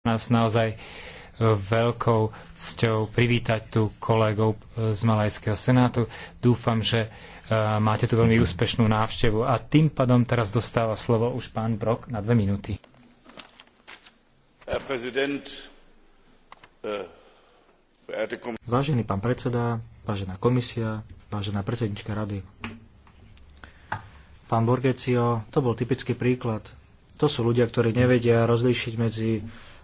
nás naozaj e, veľkou cťou privítať tu kolegov e, z Malajského senátu. Dúfam, že e, máte tu veľmi úspešnú návštevu a tým pádom teraz dostáva slovo už pán Brok na dve minúty. Äh, Vážený pán predseda, vážená komisia, vážená predsednička rady. Pán Borgecio, to bol typický príklad. To sú ľudia, ktorí nevedia rozlíšiť medzi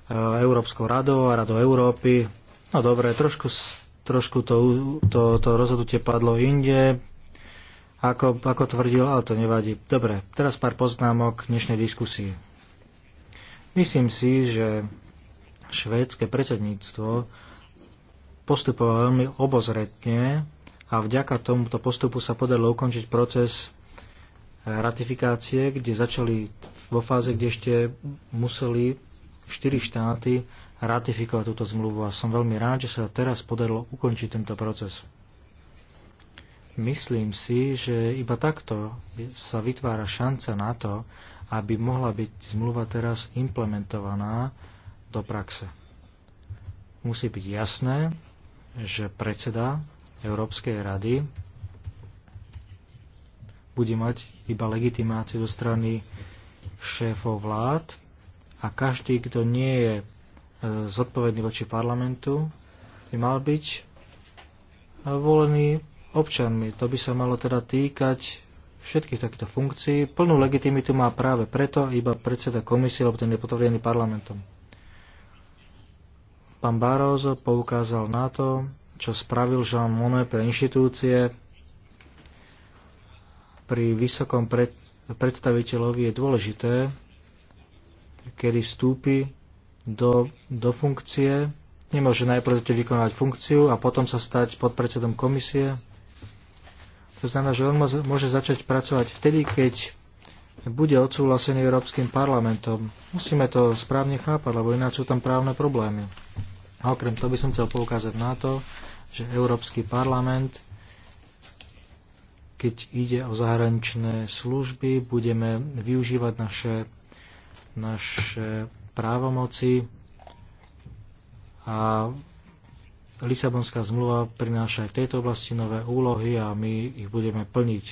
E, Európskou radou a radou Európy. No dobre, trošku, trošku to, to, to rozhodnutie padlo inde, ako, ako tvrdil, ale to nevadí. Dobre, teraz pár poznámok k dnešnej diskusii. Myslím si, že švédske predsedníctvo postupovalo veľmi obozretne a vďaka tomuto postupu sa podarilo ukončiť proces e, ratifikácie, kde začali vo fáze, kde ešte museli štyri štáty ratifikovať túto zmluvu a som veľmi rád, že sa teraz podarilo ukončiť tento proces. Myslím si, že iba takto sa vytvára šanca na to, aby mohla byť zmluva teraz implementovaná do praxe. Musí byť jasné, že predseda Európskej rady bude mať iba legitimáciu zo strany šéfov vlád a každý, kto nie je e, zodpovedný voči parlamentu, by mal byť e, volený občanmi. To by sa malo teda týkať všetkých takýchto funkcií. Plnú legitimitu má práve preto iba predseda komisie, lebo ten je potvrdený parlamentom. Pán Barroso poukázal na to, čo spravil Jean Monnet pre inštitúcie. Pri vysokom pred, predstaviteľovi je dôležité, kedy vstúpi do, do funkcie. Nemôže najprv vykonávať funkciu a potom sa stať podpredsedom komisie. To znamená, že on môže začať pracovať vtedy, keď bude odsúhlasený Európskym parlamentom. Musíme to správne chápať, lebo ináč sú tam právne problémy. A okrem toho by som chcel poukázať na to, že Európsky parlament, keď ide o zahraničné služby, budeme využívať naše naše právomoci a Lisabonská zmluva prináša aj v tejto oblasti nové úlohy a my ich budeme plniť.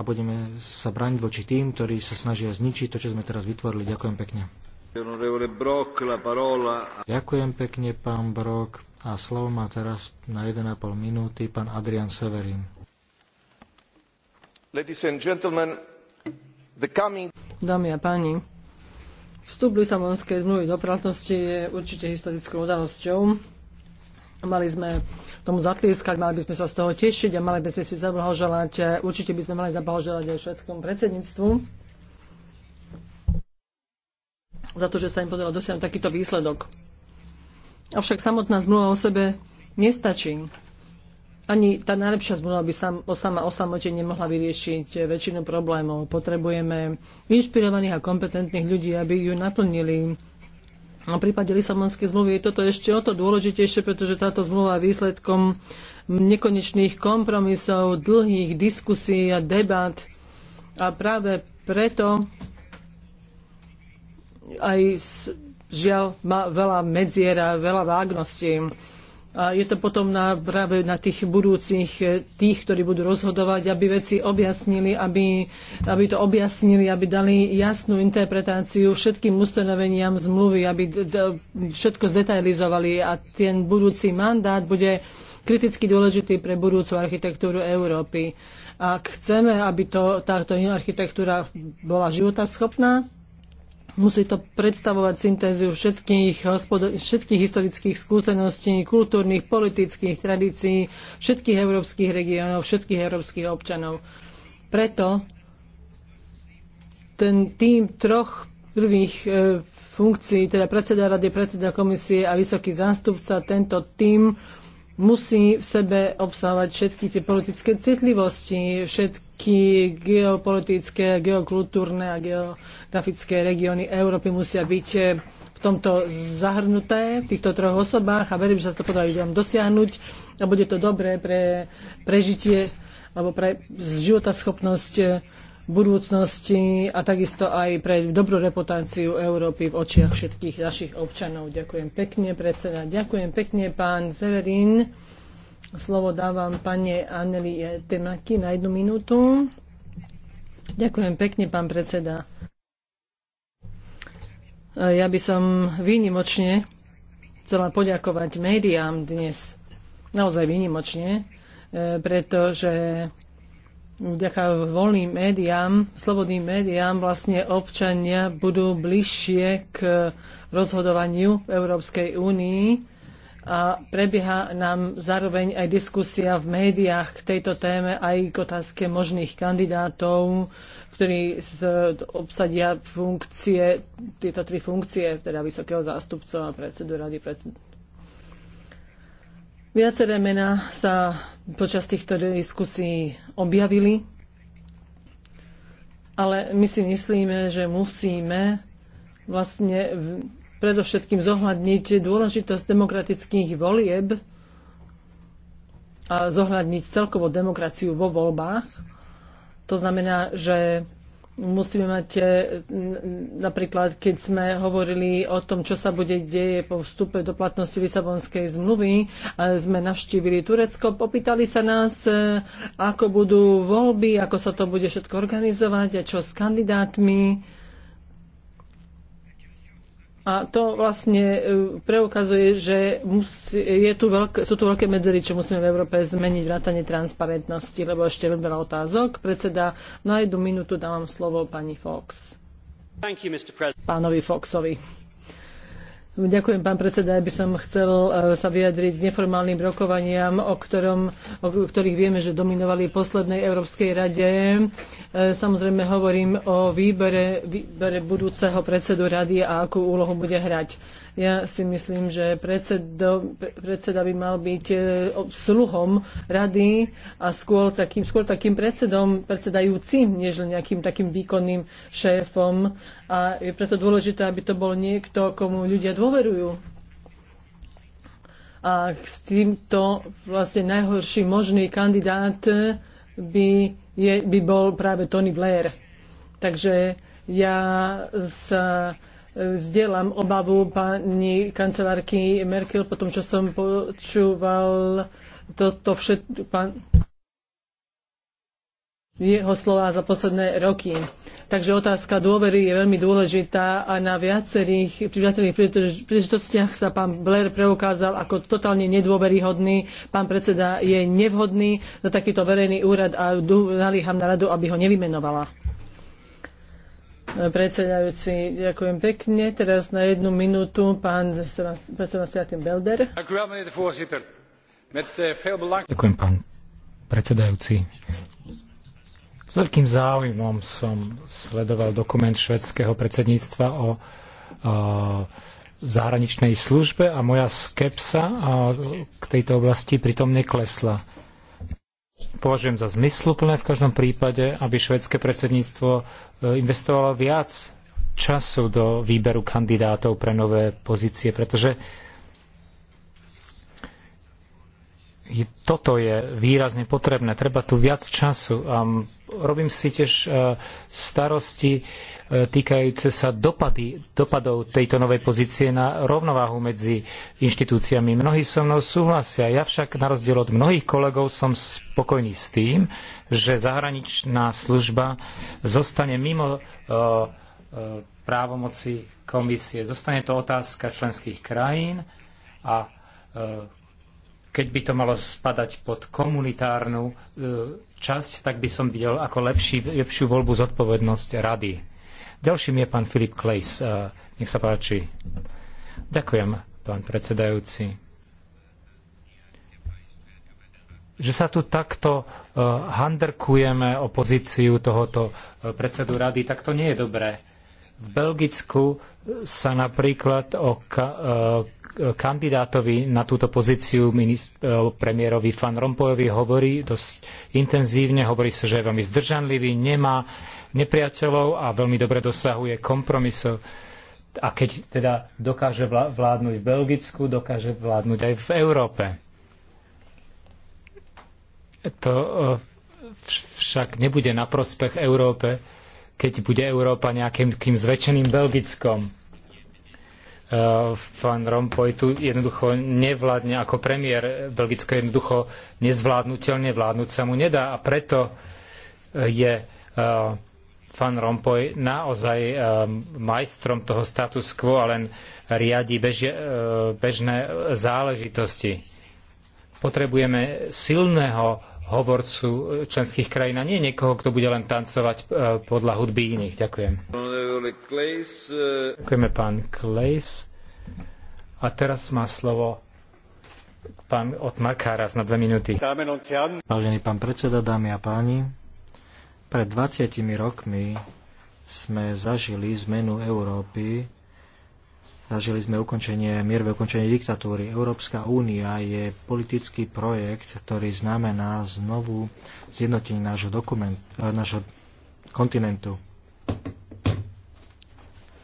A budeme sa brániť voči tým, ktorí sa snažia zničiť to, čo sme teraz vytvorili. Ďakujem pekne. Ďakujem pekne, pán Brok. A slovo má teraz na 1,5 minúty pán Adrian Severin. Ladies and gentlemen, Dámy a páni, vstup Lisabonskej zmluvy do platnosti je určite historickou udalosťou. Mali sme tomu zatlieskať, mali by sme sa z toho tešiť a mali by sme si zablahoželať, určite by sme mali zablahoželať aj švedskom predsedníctvu za to, že sa im podarilo dosiahnuť takýto výsledok. Avšak samotná zmluva o sebe nestačí ani tá najlepšia zmluva by sam, o sama o samote nemohla vyriešiť eh, väčšinu problémov. Potrebujeme inšpirovaných a kompetentných ľudí, aby ju naplnili. v prípade Lisabonskej zmluvy je toto ešte o to dôležitejšie, pretože táto zmluva je výsledkom nekonečných kompromisov, dlhých diskusí a debat. A práve preto aj žiaľ má veľa medziera, veľa vágností a je to potom na, práve na tých budúcich, eh, tých, ktorí budú rozhodovať, aby veci objasnili, aby, aby to objasnili, aby dali jasnú interpretáciu všetkým ustanoveniam zmluvy, aby všetko zdetailizovali a ten budúci mandát bude kriticky dôležitý pre budúcu architektúru Európy. Ak chceme, aby to, táto architektúra bola životaschopná, Musí to predstavovať syntéziu všetkých, všetkých historických skúseností, kultúrnych, politických tradícií všetkých európskych regiónov, všetkých európskych občanov. Preto ten tým troch prvých e, funkcií, teda predseda rady, predseda komisie a vysoký zástupca, tento tým musí v sebe obsávať všetky tie politické citlivosti, všetky geopolitické, geokultúrne a geografické regióny Európy musia byť eh, v tomto zahrnuté, v týchto troch osobách a verím, že sa to podarí vám dosiahnuť a bude to dobré pre prežitie alebo pre životaschopnosť eh, budúcnosti a takisto aj pre dobrú reputáciu Európy v očiach všetkých našich občanov. Ďakujem pekne, predseda. Ďakujem pekne, pán Severín. Slovo dávam pani Anneli Temaki na jednu minútu. Ďakujem pekne, pán predseda. Ja by som výnimočne chcela poďakovať médiám dnes. Naozaj výnimočne, pretože vďaka voľným médiám, slobodným médiám vlastne občania budú bližšie k rozhodovaniu v Európskej únii a prebieha nám zároveň aj diskusia v médiách k tejto téme aj k otázke možných kandidátov, ktorí obsadia funkcie, tieto tri funkcie, teda vysokého zástupcu a predsedu rady, predsedu Viaceré mená sa počas týchto diskusí objavili, ale my si myslíme, že musíme vlastne predovšetkým zohľadniť dôležitosť demokratických volieb a zohľadniť celkovo demokraciu vo voľbách. To znamená, že musíme mať e, napríklad, keď sme hovorili o tom, čo sa bude deje po vstupe do platnosti Lisabonskej zmluvy, e, sme navštívili Turecko, popýtali sa nás, e, ako budú voľby, ako sa to bude všetko organizovať a čo s kandidátmi a to vlastne e, preukazuje, že je tu veľké, sú tu veľké medzery, čo musíme v Európe zmeniť vrátanie transparentnosti, lebo ešte len veľa otázok. Predseda, na jednu minútu dávam slovo pani Fox. You, Pánovi Foxovi. Ďakujem, pán predseda. Ja by som chcel e, sa vyjadriť k neformálnym rokovaniam, o, ktorom, o ktorých vieme, že dominovali poslednej Európskej rade. E, samozrejme hovorím o výbere, výbere budúceho predsedu rady a akú úlohu bude hrať. Ja si myslím, že predsedo, predseda by mal byť e, sluhom rady a skôr takým, skôr takým predsedom, predsedajúcim, než nejakým takým výkonným šéfom. A je preto dôležité, aby to bol niekto, komu ľudia dôverujú a s týmto vlastne najhorší možný kandidát by, je, by bol práve Tony Blair. Takže ja sa Zdieľam obavu pani kancelárky Merkel po tom, čo som počúval toto všetko, pán, jeho slova za posledné roky. Takže otázka dôvery je veľmi dôležitá a na viacerých priateľných príležitostiach sa pán Blair preukázal ako totálne nedôveryhodný. Pán predseda je nevhodný za takýto verejný úrad a nalíham na radu, aby ho nevymenovala predsedajúci. Ďakujem pekne. Teraz na jednu minútu pán Sebastian Belder. Ďakujem, pán predsedajúci. S veľkým záujmom som sledoval dokument švedského predsedníctva o, o zahraničnej službe a moja skepsa k tejto oblasti pritom neklesla. Považujem za zmysluplné v každom prípade, aby švedské predsedníctvo e, investovalo viac času do výberu kandidátov pre nové pozície, pretože toto je výrazne potrebné. Treba tu viac času. A robím si tiež e, starosti e, týkajúce sa dopady, dopadov tejto novej pozície na rovnováhu medzi inštitúciami. Mnohí so mnou súhlasia. Ja však na rozdiel od mnohých kolegov som spokojný s tým, že zahraničná služba zostane mimo e, právomoci komisie. Zostane to otázka členských krajín a keď by to malo spadať pod komunitárnu e, časť, tak by som videl ako lepší, lepšiu voľbu zodpovednosť rady. Ďalším je pán Filip Klejs. E, nech sa páči. Ďakujem, pán predsedajúci. Že sa tu takto e, handrkujeme o pozíciu tohoto predsedu rady, tak to nie je dobré. V Belgicku sa napríklad o kandidátovi na túto pozíciu eh, premiérovi Van Rompuyovi hovorí dosť intenzívne, hovorí sa, že je veľmi zdržanlivý, nemá nepriateľov a veľmi dobre dosahuje kompromisov. A keď teda dokáže vládnuť v Belgicku, dokáže vládnuť aj v Európe. To eh, však nebude na prospech Európe, keď bude Európa nejakým zväčšeným Belgickom Eh, Van Rompuy tu jednoducho nevládne ako premiér. Belgicko jednoducho nezvládnutelne vládnuť sa mu nedá a preto eh, je eh, Van Rompuy naozaj majstrom toho status quo a len riadi bežné záležitosti. Potrebujeme silného hovorcu e, členských krajín a nie niekoho, kto bude len tancovať e, podľa hudby iných. Ďakujem. Ďakujeme pán Klejs. A teraz má slovo pán Otmar Káras na dve minúty. Vážený pán predseda, dámy a páni, pred 20 rokmi sme zažili zmenu Európy Zažili sme ukončenie, mierové ukončenie diktatúry. Európska únia je politický projekt, ktorý znamená znovu zjednotenie nášho, dokument, e, nášho kontinentu.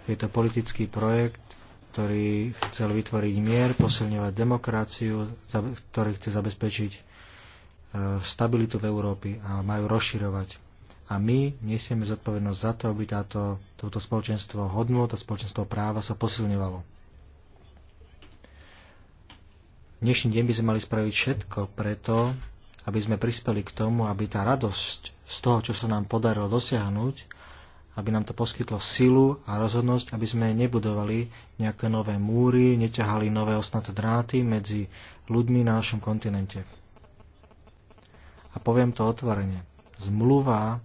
Je to politický projekt, ktorý chcel vytvoriť mier, posilňovať demokraciu, ktorý chce zabezpečiť e, stabilitu v Európe a majú rozširovať a my nesieme zodpovednosť za to, aby táto, toto spoločenstvo hodnot to spoločenstvo práva sa posilňovalo. Dnešný deň by sme mali spraviť všetko preto, aby sme prispeli k tomu, aby tá radosť z toho, čo sa nám podarilo dosiahnuť, aby nám to poskytlo silu a rozhodnosť, aby sme nebudovali nejaké nové múry, neťahali nové osnaté dráty medzi ľuďmi na našom kontinente. A poviem to otvorene. Zmluva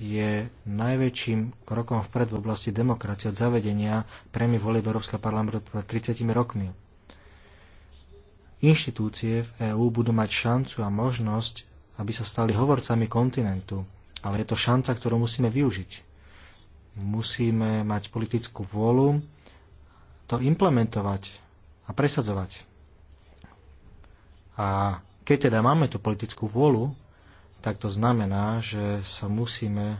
je najväčším krokom vpred v oblasti demokracie od zavedenia prémy volieb Európskeho parlamentu pred 30 rokmi. Inštitúcie v EÚ budú mať šancu a možnosť, aby sa stali hovorcami kontinentu, ale je to šanca, ktorú musíme využiť. Musíme mať politickú vôľu to implementovať a presadzovať. A keď teda máme tú politickú vôľu, tak to znamená, že sa musíme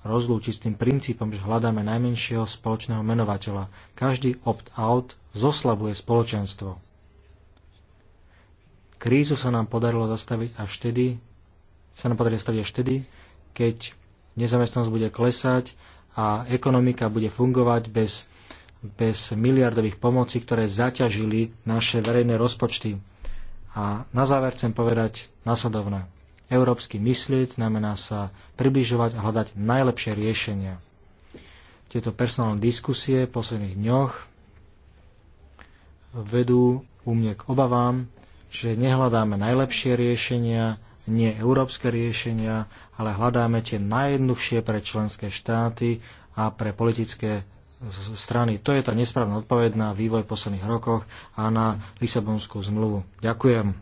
rozlúčiť s tým princípom, že hľadáme najmenšieho spoločného menovateľa. Každý opt-out zoslabuje spoločenstvo. Krízu sa nám podarilo zastaviť až vtedy, sa nám podarí zastaviť až vtedy, keď nezamestnanosť bude klesať a ekonomika bude fungovať bez, bez miliardových pomoci, ktoré zaťažili naše verejné rozpočty. A na záver chcem povedať nasledovné. Európsky myslieť znamená sa približovať a hľadať najlepšie riešenia. Tieto personálne diskusie v posledných dňoch vedú u mne k obavám, že nehľadáme najlepšie riešenia, nie európske riešenia, ale hľadáme tie najjednoduchšie pre členské štáty a pre politické strany. To je tá nesprávna odpoveď na vývoj v posledných rokoch a na Lisabonskú zmluvu. Ďakujem.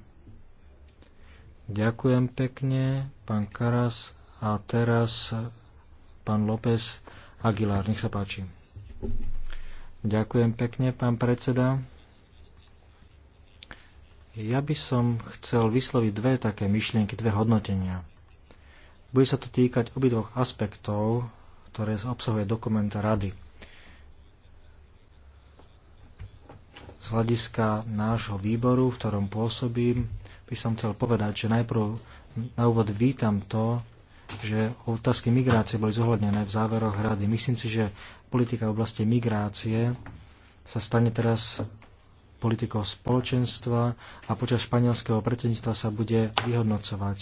Ďakujem pekne, pán Karas. A teraz pán López Aguilar. Nech sa páči. Ďakujem pekne, pán predseda. Ja by som chcel vysloviť dve také myšlienky, dve hodnotenia. Bude sa to týkať obidvoch aspektov, ktoré obsahuje dokument Rady. z hľadiska nášho výboru, v ktorom pôsobím, by som chcel povedať, že najprv na úvod vítam to, že otázky migrácie boli zohľadnené v záveroch rady. Myslím si, že politika v oblasti migrácie sa stane teraz politikou spoločenstva a počas španielského predsedníctva sa bude vyhodnocovať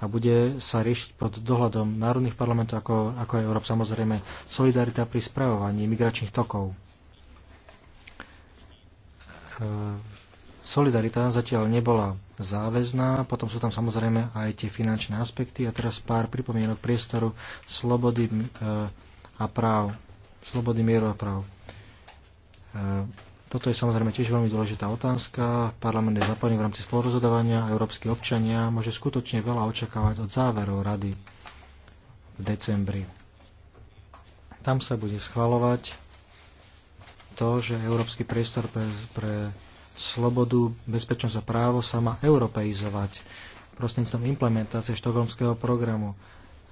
a bude sa riešiť pod dohľadom národných parlamentov, ako, ako aj Európ. Samozrejme, solidarita pri spravovaní migračných tokov. Eh, solidarita zatiaľ nebola záväzná, potom sú tam samozrejme aj tie finančné aspekty a teraz pár pripomienok priestoru slobody eh, a práv, slobody mieru a práv. Eh, toto je samozrejme tiež veľmi dôležitá otázka. Parlament je zapojený v rámci spolurozhodovania a európsky občania môže skutočne veľa očakávať od záverov rady v decembri. Tam sa bude schvalovať to, že európsky priestor pre, pre slobodu, bezpečnosť a právo sa má europeizovať prostredníctvom implementácie štokholmského programu.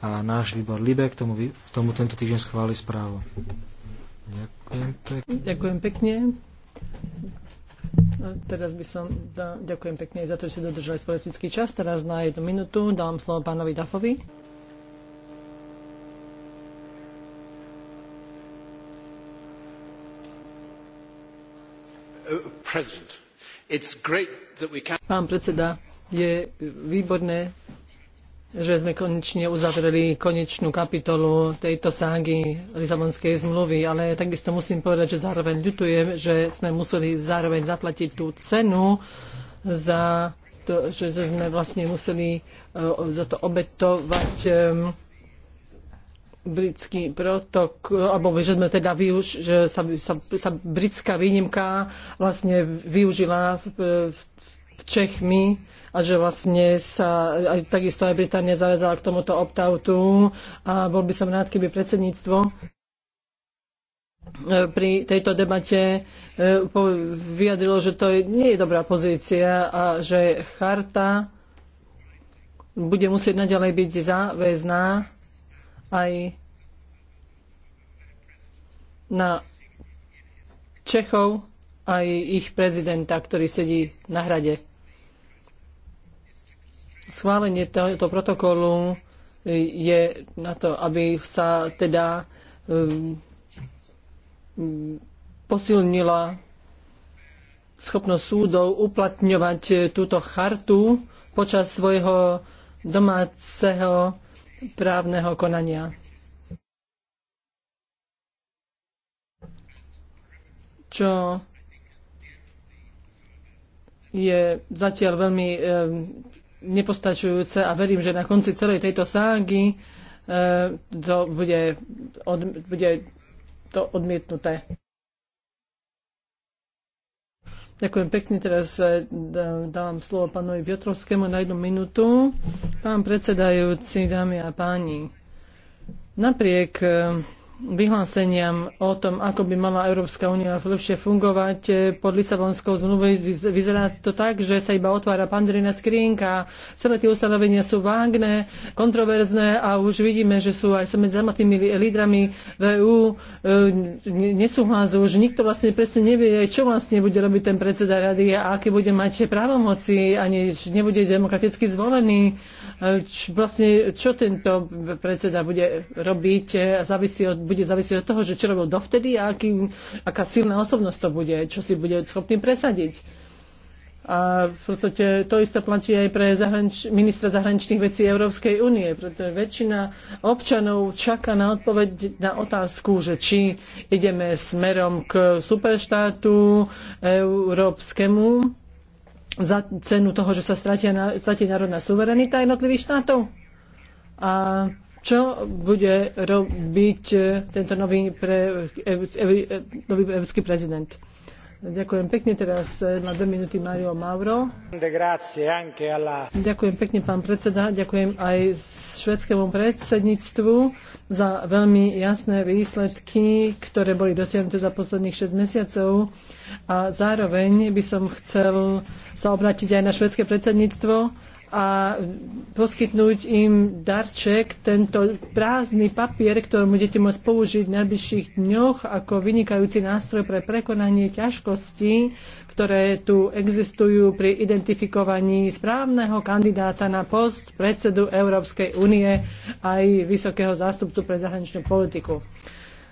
A náš výbor LIBE k tomu, k tomu tento týždeň schváli správu. Ďakujem pekne. Ďakujem pekne. A teraz by som... Da, ďakujem pekne za to, že ste dodržali svoj čas. Teraz na jednu minútu dám slovo pánovi Dafovi. Pán predseda, je výborné, že sme konečne uzavreli konečnú kapitolu tejto ságy Lisabonskej zmluvy, ale takisto musím povedať, že zároveň ľutujem, že sme museli zároveň zaplatiť tú cenu za to, že sme vlastne museli e, za to obetovať e, britský protok, alebo že sme teda využ, že sa, sa, sa britská výnimka vlastne využila v, v, v Čechmi a že vlastne sa aj, takisto aj Británia zavezala k tomuto opt-outu a bol by som rád, keby predsedníctvo e, pri tejto debate e, vyjadrilo, že to nie je dobrá pozícia a že charta bude musieť naďalej byť záväzná aj na Čechov, aj ich prezidenta, ktorý sedí na hrade. Schválenie tohoto protokolu je na to, aby sa teda um, posilnila schopnosť súdov uplatňovať túto chartu počas svojho domáceho právneho konania. Čo je zatiaľ veľmi e, nepostačujúce a verím, že na konci celej tejto ságy e, to bude, od, bude to odmietnuté. Ďakujem pekne. Teraz e, dávam slovo pánovi Piotrovskému na jednu minútu. Pán predsedajúci, dámy a páni, napriek e, vyhláseniam o tom, ako by mala Európska únia lepšie fungovať eh, pod Lisabonskou zmluvou, vyzerá to tak, že sa iba otvára pandrina skrinka. Celé tie ustanovenia sú vágne, kontroverzné a už vidíme, že sú aj medzi zamatými lídrami v EÚ eh, nesúhlasujú, že Nikto vlastne presne nevie, čo vlastne bude robiť ten predseda rady a aké bude mať právomoci, ani nebude demokraticky zvolený č, vlastne čo tento predseda bude robiť, závisí od, bude závisieť od toho, že čo robil dovtedy a aký, aká silná osobnosť to bude, čo si bude schopný presadiť. A v podstate to isté platí aj pre zahranič- ministra zahraničných vecí Európskej únie, pretože väčšina občanov čaká na odpoveď na otázku, že či ideme smerom k superštátu európskemu, za cenu toho, že sa stratia, stratí národná suverenita jednotlivých štátov? A čo bude robiť tento nový, pre, nový európsky prezident? Ďakujem pekne teraz eh, na dve minúty Mario Mauro. Ďakujem pekne pán predseda, ďakujem aj švedskému predsedníctvu za veľmi jasné výsledky, ktoré boli dosiahnuté za posledných 6 mesiacov. A zároveň by som chcel sa obrátiť aj na švedské predsedníctvo, a poskytnúť im darček, tento prázdny papier, ktorý budete môcť použiť v najbližších dňoch ako vynikajúci nástroj pre prekonanie ťažkostí, ktoré tu existujú pri identifikovaní správneho kandidáta na post predsedu Európskej únie aj vysokého zástupcu pre zahraničnú politiku.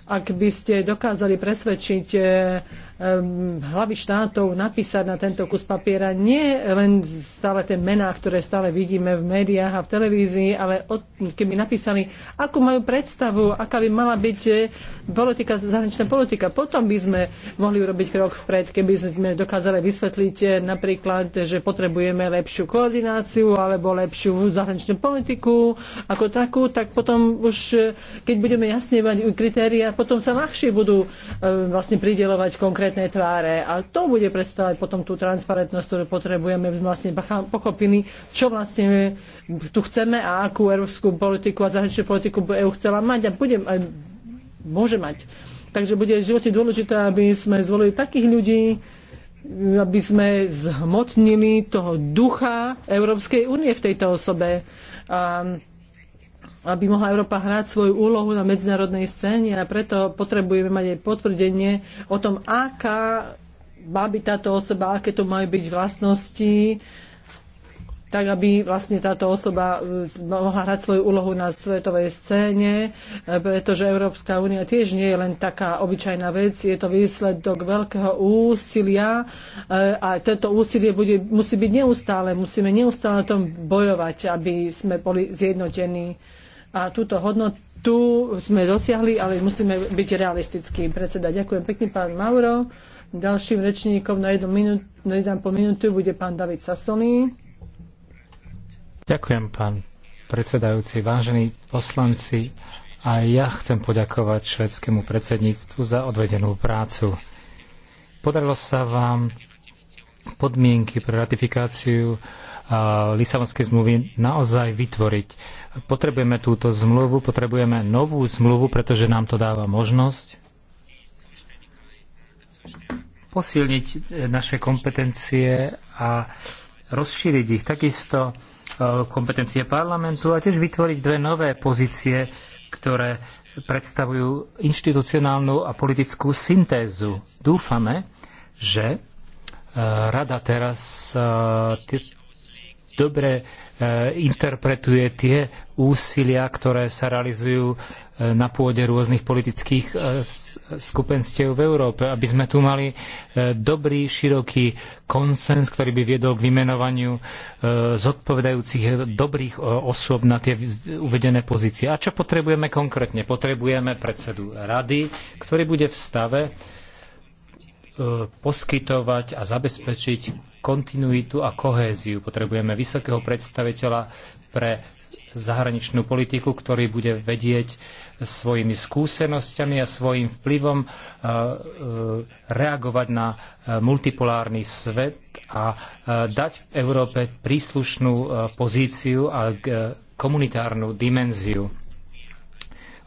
Ak by ste dokázali presvedčiť eh, Ehm, hlavy štátov napísať na tento kus papiera nie len stále tie mená, ktoré stále vidíme v médiách a v televízii, ale od, keby napísali, akú majú predstavu, aká by mala byť eh, politika, zahraničná politika. Potom by sme mohli urobiť krok vpred, keby sme dokázali vysvetliť eh, napríklad, že potrebujeme lepšiu koordináciu alebo lepšiu zahraničnú politiku ako takú, tak potom už, eh, keď budeme jasne mať kritéria, potom sa ľahšie budú vlastne pridelovať konkrétne konkrétne tváre. A to bude predstavať potom tú transparentnosť, ktorú potrebujeme, vlastne pochopili, čo vlastne tu chceme a akú európsku politiku a zahraničnú politiku EU chcela mať a, bude, a môže mať. Takže bude v živote dôležité, aby sme zvolili takých ľudí, aby sme zhmotnili toho ducha Európskej únie v tejto osobe. A aby mohla Európa hrať svoju úlohu na medzinárodnej scéne a preto potrebujeme mať aj potvrdenie o tom, aká má byť táto osoba, aké to majú byť vlastnosti, tak aby vlastne táto osoba e, mohla hrať svoju úlohu na svetovej scéne, e, pretože Európska únia tiež nie je len taká obyčajná vec, je to výsledok veľkého úsilia e, a toto úsilie bude, musí byť neustále, musíme neustále na tom bojovať, aby sme boli zjednotení a túto hodnotu sme dosiahli, ale musíme byť realistickí. Predseda, ďakujem pekne, pán Mauro. Ďalším rečníkom na jednu, minút, na jednu po minútu bude pán David Sasolí. Ďakujem, pán predsedajúci, vážení poslanci. A ja chcem poďakovať švedskému predsedníctvu za odvedenú prácu. Podarilo sa vám podmienky pre ratifikáciu Lisabonskej zmluvy naozaj vytvoriť. Potrebujeme túto zmluvu, potrebujeme novú zmluvu, pretože nám to dáva možnosť posilniť e, naše kompetencie a rozšíriť ich. Takisto e, kompetencie parlamentu a tiež vytvoriť dve nové pozície, ktoré predstavujú inštitucionálnu a politickú syntézu. Dúfame, že e, rada teraz dobre e, interpretuje tie úsilia, ktoré sa realizujú e, na pôde rôznych politických e, skupenstiev v Európe, aby sme tu mali dobrý, široký konsens, ktorý by viedol k vymenovaniu zodpovedajúcich dobrých osôb na tie uvedené pozície. A čo potrebujeme konkrétne? Potrebujeme predsedu rady, ktorý bude v stave E, poskytovať a zabezpečiť kontinuitu a kohéziu. Potrebujeme vysokého predstaviteľa pre zahraničnú politiku, ktorý bude vedieť svojimi skúsenosťami a svojim vplyvom e, e, reagovať na multipolárny svet a dať Európe príslušnú pozíciu a komunitárnu dimenziu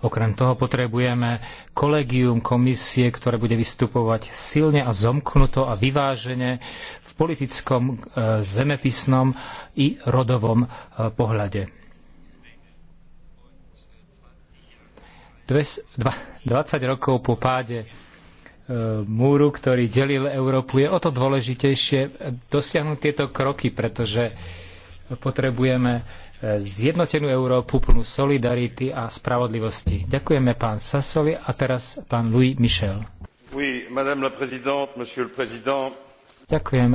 Okrem toho potrebujeme kolegium komisie, ktoré bude vystupovať silne a zomknuto a vyvážene v politickom, e, zemepisnom i rodovom e, pohľade. 20 rokov po páde e, múru, ktorý delil Európu, je o to dôležitejšie dosiahnuť tieto kroky, pretože potrebujeme zjednotenú Európu plnú solidarity a spravodlivosti. Ďakujeme pán Sassoli a teraz pán Louis Michel. Oui, Ďakujem,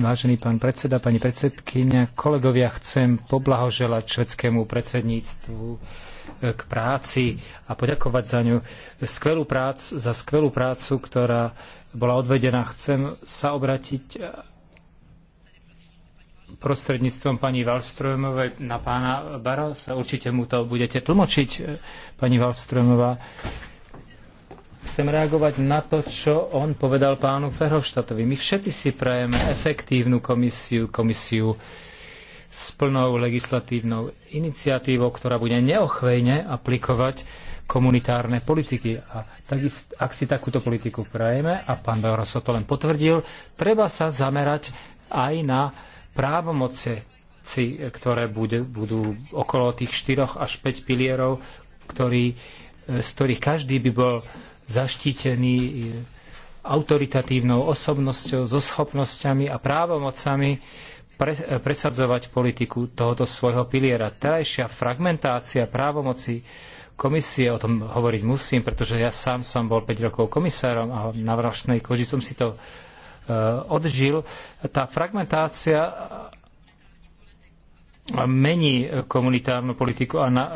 vážený pán predseda, pani predsedkynia, kolegovia, chcem poblahoželať švedskému predsedníctvu e, k práci a poďakovať za ňu. Skvelú prác, za skvelú prácu, ktorá bola odvedená. Chcem sa obratiť prostredníctvom pani Valstrojmovej na pána Barosa. Určite mu to budete tlmočiť, e, pani Valstrojmová. Chcem reagovať na to, čo on povedal pánu Ferhoštatovi. My všetci si prajeme efektívnu komisiu, komisiu s plnou legislatívnou iniciatívou, ktorá bude neochvejne aplikovať komunitárne politiky. A takisto, ak si takúto politiku prajeme, a pán Barroso to len potvrdil, treba sa zamerať aj na právomoci, ktoré budú, budú okolo tých 4 až 5 pilierov, ktorý, e, z ktorých každý by bol zaštítený e, autoritatívnou osobnosťou, so schopnosťami a právomocami pre, e, presadzovať politiku tohoto svojho piliera. Terajšia fragmentácia právomoci komisie, o tom hovoriť musím, pretože ja sám som bol 5 rokov komisárom a na vrašnej koži som si to Eh, odžil, tá fragmentácia mení komunitárnu politiku a na a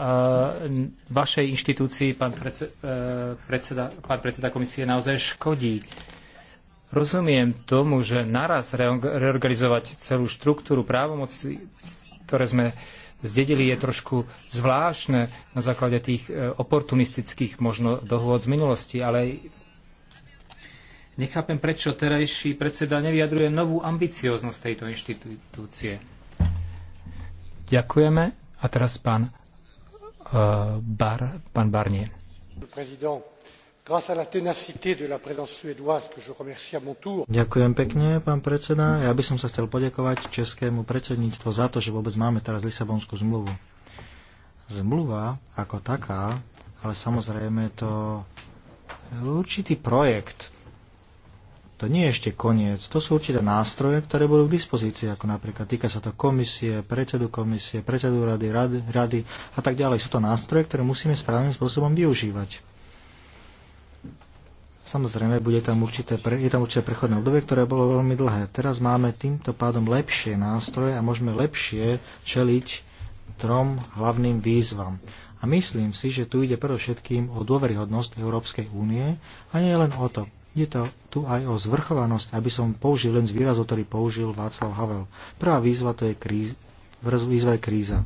eh, vašej inštitúcii, pán predseda, eh, predseda, pán predseda komisie, naozaj škodí. Rozumiem tomu, že naraz reorganizovať celú štruktúru právomoci, ktoré sme zdedili, je trošku zvláštne na základe tých oportunistických možno dohôd z minulosti, ale Nechápem, prečo terajší predseda nevyjadruje novú ambicioznosť tejto inštitúcie. Ďakujeme. A teraz pán uh, Bar, pán Barnier. Ďakujem pekne, pán predseda. Ja by som sa chcel poďakovať českému predsedníctvu za to, že vôbec máme teraz Lisabonskú zmluvu. Zmluva ako taká, ale samozrejme to určitý projekt, to nie je ešte koniec. To sú určité nástroje, ktoré budú k dispozícii, ako napríklad týka sa to komisie, predsedu komisie, predsedu rady, rady, rady a tak ďalej. Sú to nástroje, ktoré musíme správnym spôsobom využívať. Samozrejme, bude tam určité, je tam určité prechodné obdobie, ktoré bolo veľmi dlhé. Teraz máme týmto pádom lepšie nástroje a môžeme lepšie čeliť trom hlavným výzvam. A myslím si, že tu ide predovšetkým o dôveryhodnosť Európskej únie a nie len o to. Je to tu aj o zvrchovanosť, aby som použil len z výrazov, ktorý použil Václav Havel. Prvá výzva to je kríz, výzva je kríza.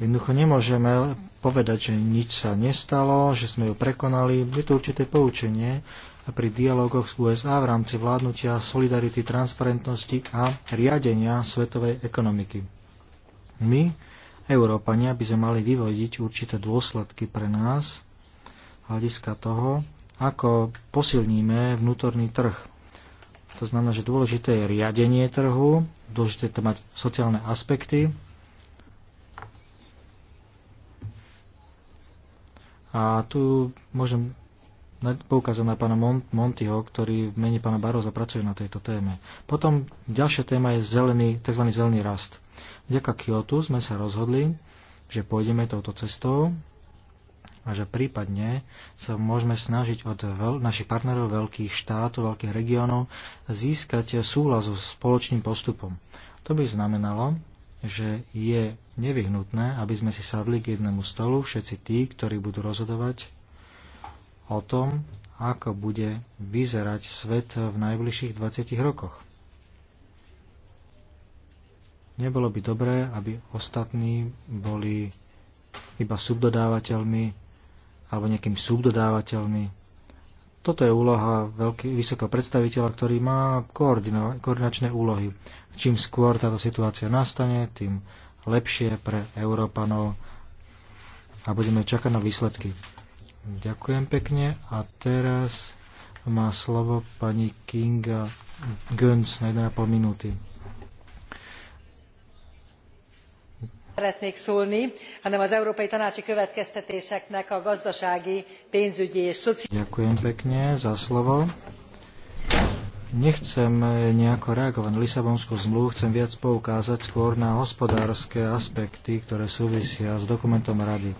Jednoducho nemôžeme povedať, že nič sa nestalo, že sme ju prekonali. Je to určité poučenie a pri dialogoch s USA v rámci vládnutia solidarity, transparentnosti a riadenia svetovej ekonomiky. My, Európania, by sme mali vyvodiť určité dôsledky pre nás, hľadiska toho, ako posilníme vnútorný trh. To znamená, že dôležité je riadenie trhu, dôležité je to mať sociálne aspekty a tu môžem poukázať na pána Montyho, ktorý v mene pána Baroza pracuje na tejto téme. Potom ďalšia téma je zelený, tzv. zelený rast. Vďaka Kyoto sme sa rozhodli, že pôjdeme touto cestou a že prípadne sa môžeme snažiť od veľ- našich partnerov veľkých štátov, veľkých regiónov získať súhlas so spoločným postupom. To by znamenalo, že je nevyhnutné, aby sme si sadli k jednému stolu všetci tí, ktorí budú rozhodovať o tom, ako bude vyzerať svet v najbližších 20 rokoch. Nebolo by dobré, aby ostatní boli iba subdodávateľmi alebo nejakým subdodávateľmi. Toto je úloha veľký, vysokého predstaviteľa, ktorý má koordino, koordinačné úlohy. Čím skôr táto situácia nastane, tým lepšie pre Európanov a budeme čakať na výsledky. Ďakujem pekne a teraz má slovo pani Kinga Göns na 1,5 minúty. szeretnék szólni hanem az európai tanácsi következtetéseknek a gazdasági pénzügyi és szociális. Ďakujem pekne za slovo. Nechcem nejako reagovať na Lisabonskú zmluvu, chcem viac poukázať skôr na hospodárske aspekty, ktoré súvisia s dokumentom Rady.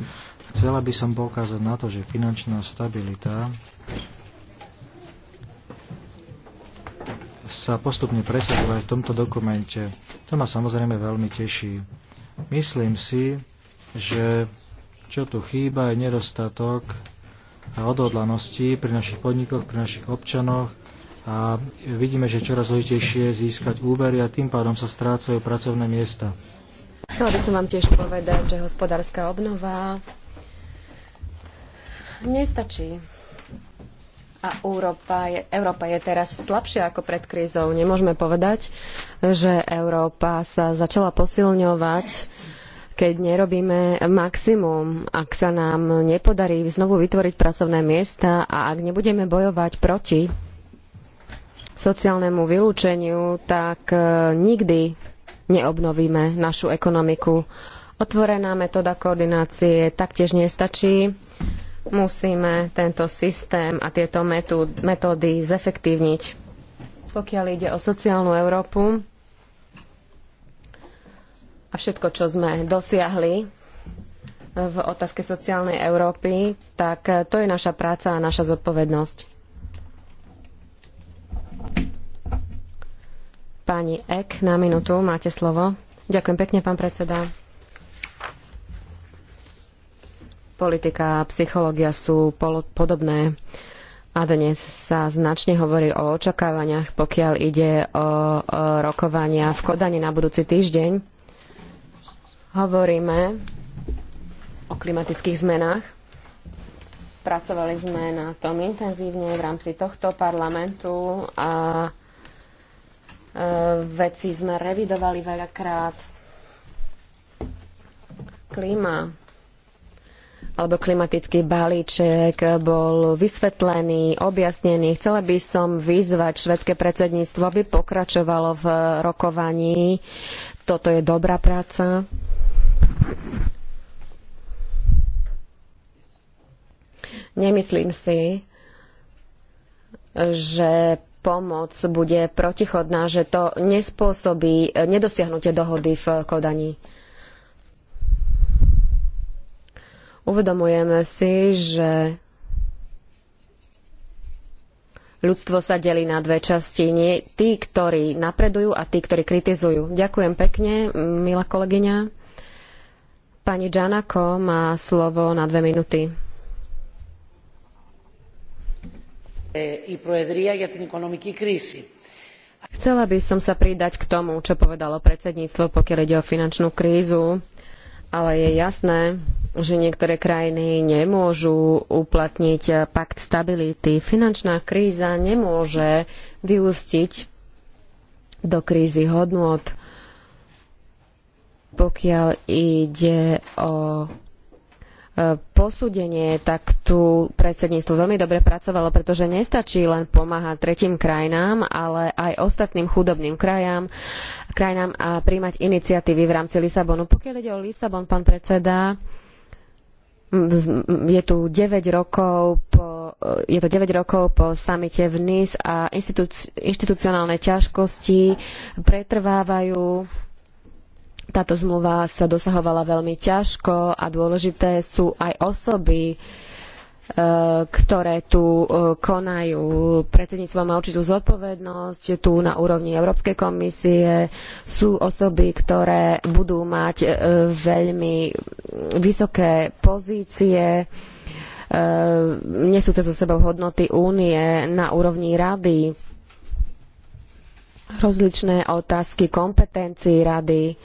Chcela by som poukázať na to, že finančná stabilita sa postupne presadzovať v tomto dokumente. To ma samozrejme veľmi teší. Myslím si, že čo tu chýba je nedostatok a odhodlanosti pri našich podnikoch, pri našich občanoch a vidíme, že čoraz zložitejšie získať úvery a tým pádom sa strácajú pracovné miesta. Chcela by som vám tiež povedať, že hospodárska obnova nestačí a Európa je, Európa je teraz slabšia ako pred krízou. Nemôžeme povedať, že Európa sa začala posilňovať, keď nerobíme maximum, ak sa nám nepodarí znovu vytvoriť pracovné miesta a ak nebudeme bojovať proti sociálnemu vylúčeniu, tak e, nikdy neobnovíme našu ekonomiku. Otvorená metóda koordinácie taktiež nestačí Musíme tento systém a tieto metódy zefektívniť. Pokiaľ ide o sociálnu Európu a všetko, čo sme dosiahli v otázke sociálnej Európy, tak to je naša práca a naša zodpovednosť. Pani Ek, na minútu máte slovo. Ďakujem pekne, pán predseda. Politika a psychológia sú podobné a dnes sa značne hovorí o očakávaniach, pokiaľ ide o, rokovania v Kodani na budúci týždeň. Hovoríme o klimatických zmenách. Pracovali sme na tom intenzívne v rámci tohto parlamentu a veci sme revidovali veľakrát. Klíma alebo klimatický balíček bol vysvetlený, objasnený. Chcela by som vyzvať švedské predsedníctvo, aby pokračovalo v rokovaní. Toto je dobrá práca. Nemyslím si, že pomoc bude protichodná, že to nespôsobí nedosiahnutie dohody v Kodani. Uvedomujeme si, že ľudstvo sa delí na dve časti. Nie tí, ktorí napredujú a tí, ktorí kritizujú. Ďakujem pekne, milá kolegyňa. Pani Džanako má slovo na dve minúty. Eh, Chcela by som sa pridať k tomu, čo povedalo predsedníctvo, pokiaľ ide o finančnú krízu, ale je jasné, že niektoré krajiny nemôžu uplatniť pakt stability. Finančná kríza nemôže vyústiť do krízy hodnôt, pokiaľ ide o e, posúdenie, tak tu predsedníctvo veľmi dobre pracovalo, pretože nestačí len pomáhať tretím krajinám, ale aj ostatným chudobným krajám, krajinám a príjmať iniciatívy v rámci Lisabonu. Pokiaľ ide o Lisabon, pán predseda, je tu 9 rokov po, e, je to 9 rokov po samite v NIS a inštitucionálne ťažkosti pretrvávajú. Táto zmluva sa dosahovala veľmi ťažko a dôležité sú aj osoby, E, ktoré tu e, konajú. Predsedníctvo má určitú zodpovednosť tu na úrovni Európskej komisie. Sú osoby, ktoré budú mať e, veľmi vysoké pozície, nesúce so sebou hodnoty únie na úrovni rady, rozličné otázky kompetencií rady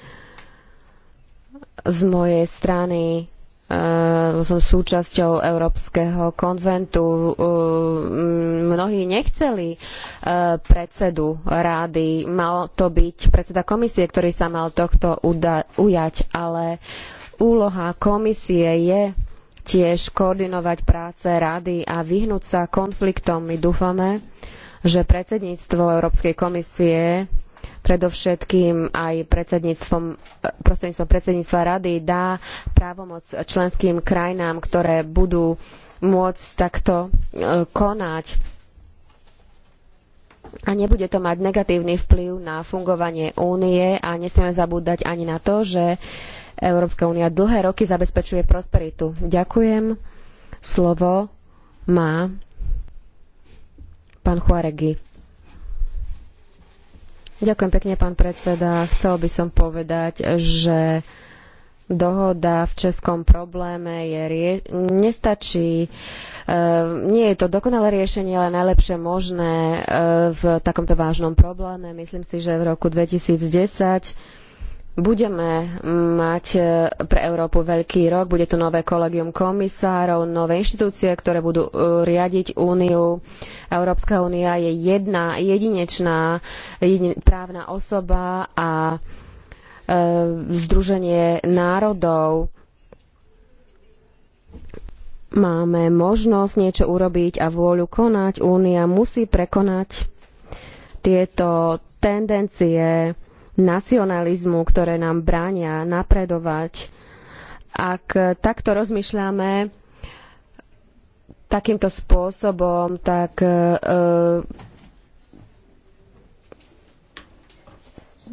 z mojej strany Ehm, som súčasťou Európskeho konventu. Ehm, mnohí nechceli ehm, predsedu rády. Mal to byť predseda komisie, ktorý sa mal tohto ujať, ale úloha komisie je tiež koordinovať práce rady a vyhnúť sa konfliktom. My dúfame, že predsedníctvo Európskej komisie predovšetkým aj predsedníctvom, prostredníctvom predsedníctva rady dá právomoc členským krajinám, ktoré budú môcť takto e, konať a nebude to mať negatívny vplyv na fungovanie únie a nesmieme zabúdať ani na to, že Európska únia dlhé roky zabezpečuje prosperitu. Ďakujem. Slovo má pán Chuaregi. Ďakujem pekne, pán predseda. Chcel by som povedať, že dohoda v českom probléme je rie- nestačí. Eh, nie je to dokonalé riešenie, ale najlepšie možné eh, v takomto vážnom probléme. Myslím si, že v roku 2010 budeme mať e, pre Európu veľký rok. Bude tu nové kolegium komisárov, nové inštitúcie, ktoré budú e, riadiť úniu. Európska únia je jedna jedinečná jedine, právna osoba a e, Združenie národov máme možnosť niečo urobiť a vôľu konať. Únia musí prekonať tieto tendencie nacionalizmu, ktoré nám bránia napredovať. Ak takto rozmýšľame takýmto spôsobom, tak e,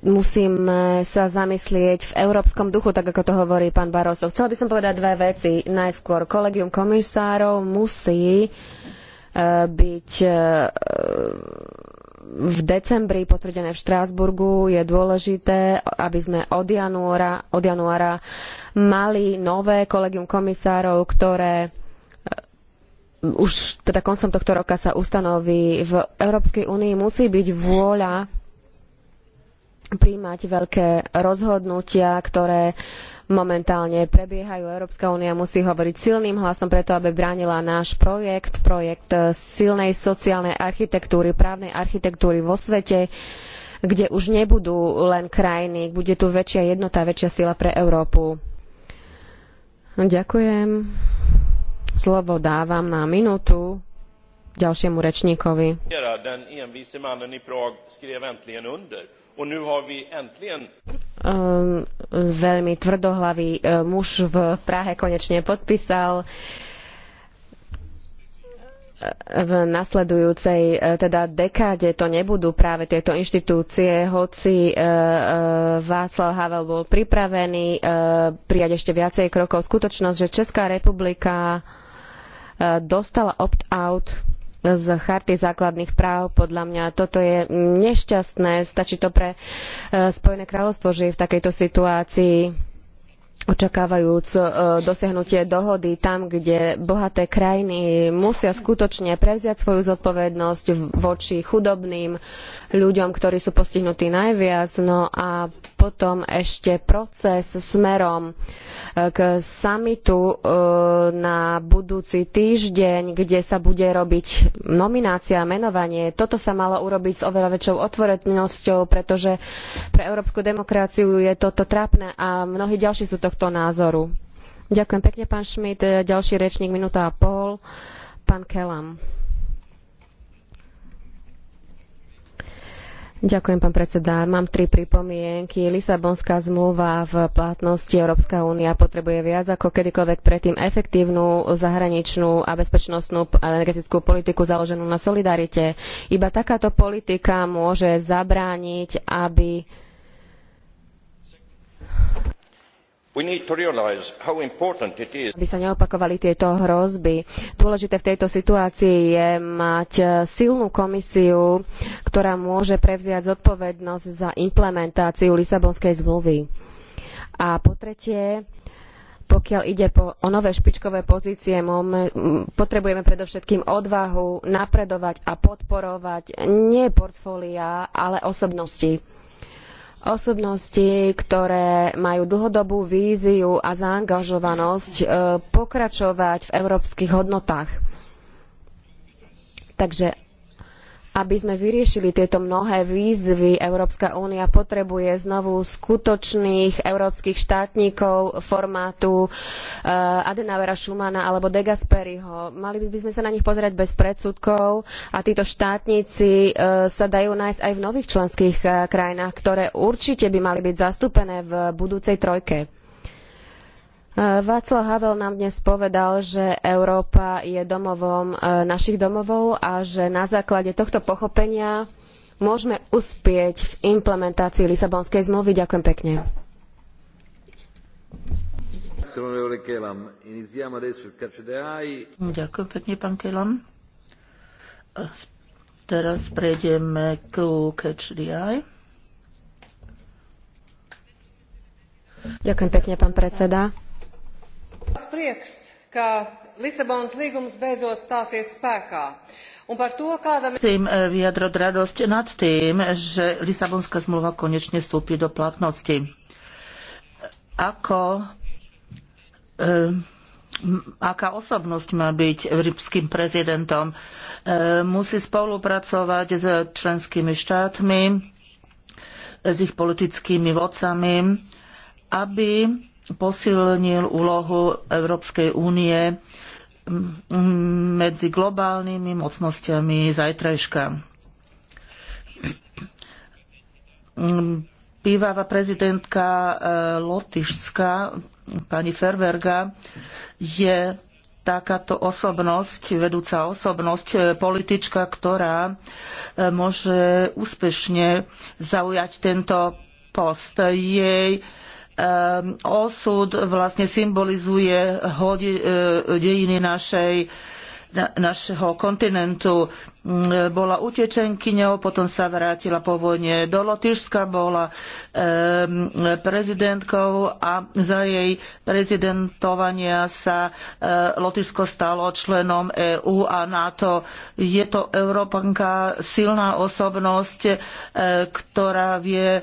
musíme sa zamyslieť v európskom duchu, tak ako to hovorí pán Barroso. Chcela by som povedať dve veci. Najskôr, kolegium komisárov musí e, byť e, v decembri potvrdené v Štrásburgu, je dôležité, aby sme od januára, od januára mali nové kolegium komisárov, ktoré e, už teda koncom tohto roka sa ustanoví. V Európskej únii musí byť vôľa príjmať veľké rozhodnutia, ktoré momentálne prebiehajú. Európska únia musí hovoriť silným hlasom preto, aby bránila náš projekt, projekt eh, silnej sociálnej architektúry, právnej architektúry vo svete, kde už nebudú len krajiny, bude tu väčšia jednota, väčšia sila pre Európu. Ďakujem. Slovo dávam na minútu ďalšiemu rečníkovi. Um, veľmi tvrdohlavý e, muž v Prahe konečne podpísal e, v nasledujúcej e, teda dekáde to nebudú práve tieto inštitúcie, hoci Václav Havel bol pripravený prijať ešte viacej krokov. Skutočnosť, že Česká republika dostala opt-out z charty základných práv. Podľa mňa toto je nešťastné. Stačí to pre e, Spojené kráľovstvo, že je v takejto situácii očakávajúc e, dosiahnutie dohody tam, kde bohaté krajiny musia skutočne prevziať svoju zodpovednosť voči chudobným, ľuďom, ktorí sú postihnutí najviac. No a potom ešte proces smerom e, k samitu e, na budúci týždeň, kde sa bude robiť nominácia a menovanie. Toto sa malo urobiť s oveľa väčšou otvorenosťou, pretože pre európsku demokraciu je toto trápne a mnohí ďalší sú tohto názoru. Ďakujem pekne, pán Schmidt. E, ďalší rečník, minúta a pol. Pán Kelam. Ďakujem, pán predseda. Mám tri pripomienky. Lisabonská zmluva v platnosti Európska únia potrebuje viac ako kedykoľvek predtým efektívnu zahraničnú a bezpečnostnú energetickú politiku založenú na solidarite. Iba takáto politika môže zabrániť, aby Aby sa neopakovali tieto hrozby. Dôležité v tejto situácii je mať e, silnú komisiu, ktorá môže prevziať zodpovednosť za implementáciu Lisabonskej zmluvy. A po tretie, pokiaľ ide po, o nové špičkové pozície, potrebujeme predovšetkým odvahu napredovať a podporovať nie portfólia, ale osobnosti osobnosti, ktoré majú dlhodobú víziu a zaangažovanosť e, pokračovať v európskych hodnotách. Takže aby sme vyriešili tieto mnohé výzvy, Európska únia potrebuje znovu skutočných európskych štátnikov formátu eh, Adenauera Schumana alebo De Gasperiho. Mali by sme sa na nich pozerať bez predsudkov a títo štátnici eh, sa dajú nájsť aj v nových členských eh, krajinách, ktoré určite by mali byť zastúpené v budúcej trojke. E, Václav Havel nám dnes povedal, že Európa je domovom e, našich domovov a že na základe tohto pochopenia môžeme uspieť v implementácii Lisabonskej zmluvy. Ďakujem pekne. Ďakujem pekne, pán Kelam. Teraz prejdeme k Ďakujem pekne, pán predseda. Prieks, ka Lisabonas līgums beidzot stāsies spēkā. Un par to, kāda mēs... Tīm eh, viedro radosť nad tīm, že Lisabonska zmluva konečne vstúpi do platnosti. Ako... Eh, aká osobnosť má byť rybským prezidentom. Eh, musí spolupracovať s členskými štátmi, s ich politickými vodcami, aby posilnil úlohu Európskej únie medzi globálnymi mocnosťami zajtrajška. Bývava prezidentka e, Lotyšska, pani Ferberga, je takáto osobnosť, vedúca osobnosť, e, politička, ktorá e, môže úspešne zaujať tento post. Jej Ehm, osud vlastne symbolizuje e, dejiny našej našeho kontinentu. Mm, bola utečenkyňou, potom sa vrátila po vojne do Lotyšska, bola ehm, prezidentkou a za jej prezidentovania sa e, Lotyšsko stalo členom EÚ a NATO. Je to Európanka silná osobnosť, e, ktorá vie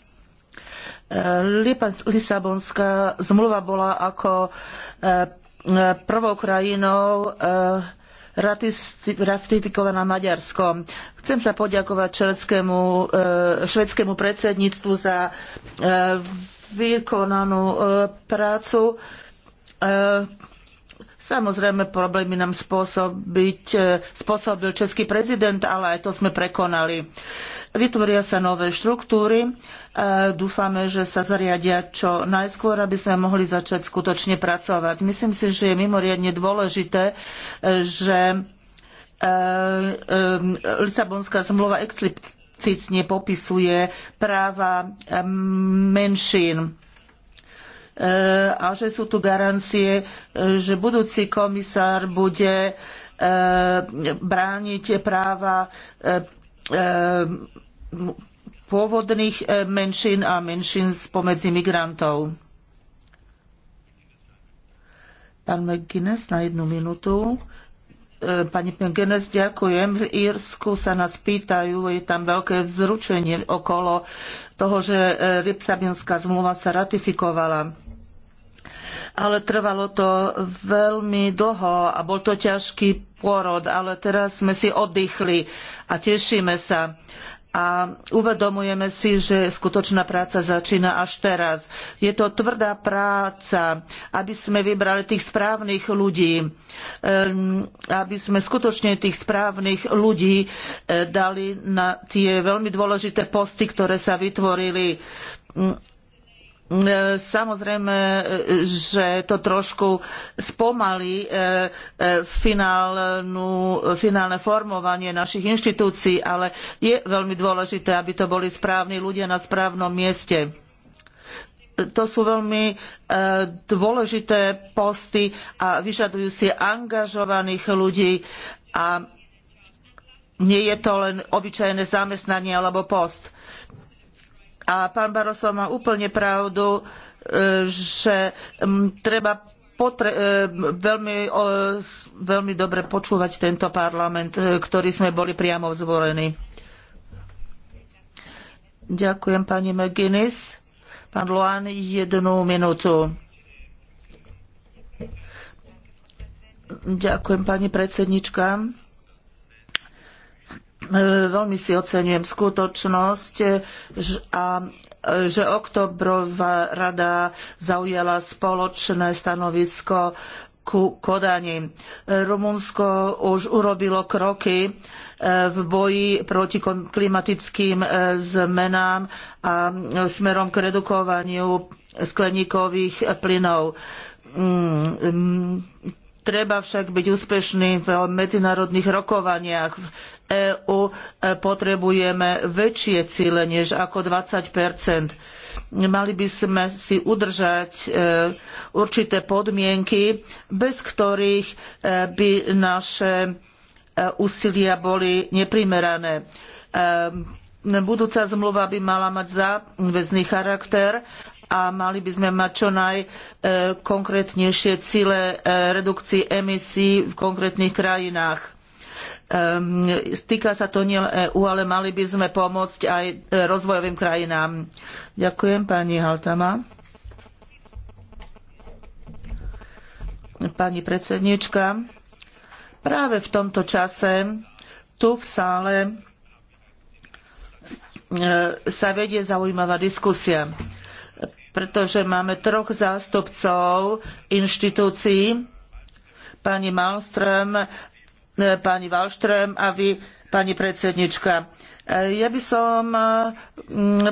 Eh, Lisabonská zmluva bola ako eh, prvou krajinou eh, ratifikovaná Maďarskom. Chcem sa poďakovať švedskému, švedskému predsedníctvu za vykonanú prácu Samozrejme, problémy nám spôsobiť, e, spôsobil český prezident, ale aj to sme prekonali. Vytvoria sa nové štruktúry. E, dúfame, že sa zariadia čo najskôr, aby sme mohli začať skutočne pracovať. Myslím si, že je mimoriadne dôležité, e, že Lisabonská zmluva explicitne popisuje práva menšín a že sú tu garancie, e, že budúci komisár bude e, brániť práva e, pôvodných menšín a menšín spomedzi migrantov. Pán McGuinness na jednu minútu. E, pani Pengenes, ďakujem. V Írsku sa nás pýtajú, je tam veľké vzručenie okolo toho, že Rybsabinská e, zmluva sa ratifikovala. Ale trvalo to veľmi dlho a bol to ťažký pôrod, ale teraz sme si oddychli a tešíme sa a uvedomujeme si, že skutočná práca začína až teraz. Je to tvrdá práca, aby sme vybrali tých správnych ľudí, ehm, aby sme skutočne tých správnych ľudí e, dali na tie veľmi dôležité posty, ktoré sa vytvorili mm, E, samozrejme, e, že to trošku spomalí e, finálnu, finálne formovanie našich inštitúcií, ale je veľmi dôležité, aby to boli správni ľudia na správnom mieste to sú veľmi dôležité posty a vyžadujú si angažovaných ľudí a nie je to len obyčajné zamestnanie alebo post. A pán Barroso má úplne pravdu, e, že treba e, veľmi, veľmi dobre počúvať tento parlament, e, ktorý sme boli priamo zvolení. Ďakujem pani McGuinness. Pán Luán, jednu minútu. Ďakujem pani predsednička veľmi si oceňujem skutočnosť a že oktobrová rada zaujala spoločné stanovisko ku Kodani. Rumunsko už urobilo kroky e, v boji proti klimatickým e, zmenám a smerom k redukovaniu skleníkových plynov mm, mm, Treba však byť úspešný v medzinárodných rokovaniach. V EÚ e, potrebujeme väčšie ciele než ako 20 Mali by sme si udržať e, určité podmienky, bez ktorých e, by naše úsilia boli neprimerané budúca zmluva by mala mať záväzný charakter a mali by sme mať čo najkonkrétnejšie e, cíle e, redukcií emisí v konkrétnych krajinách. Ehm, stýka sa to nielen EÚ, ale mali by sme pomôcť aj e, rozvojovým krajinám. Ďakujem, pani Haltama. Pani predsednička, práve v tomto čase tu v sále sa vedie zaujímavá diskusia pretože máme troch zástupcov inštitúcií, pani Malström, e, pani Wallström a vy, pani predsednička. E, ja by som e,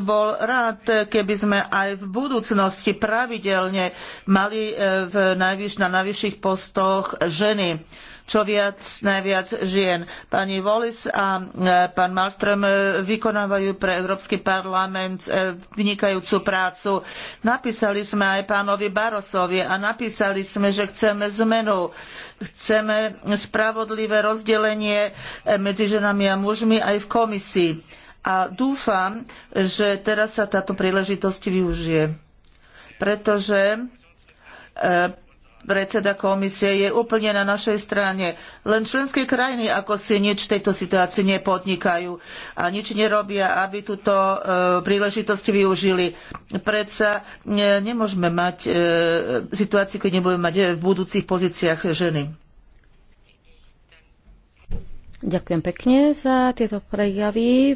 bol rád, keby sme aj v budúcnosti pravidelne mali na najvyšších postoch ženy čo viac, najviac žien. Pani Wallis a e, pán Malström e, vykonávajú pre Európsky parlament e, vynikajúcu prácu. Napísali sme aj pánovi Barosovi a napísali sme, že chceme zmenu. Chceme spravodlivé rozdelenie medzi ženami a mužmi aj v komisii. A dúfam, že teraz sa táto príležitosť využije. Pretože predseda komisie je úplne na našej strane. Len členské krajiny ako si nič v tejto situácii nepodnikajú a nič nerobia, aby túto e, príležitosť využili. Predsa e, nemôžeme mať e, situáciu, keď nebudeme mať v budúcich pozíciách ženy. Ďakujem pekne za tieto prejavy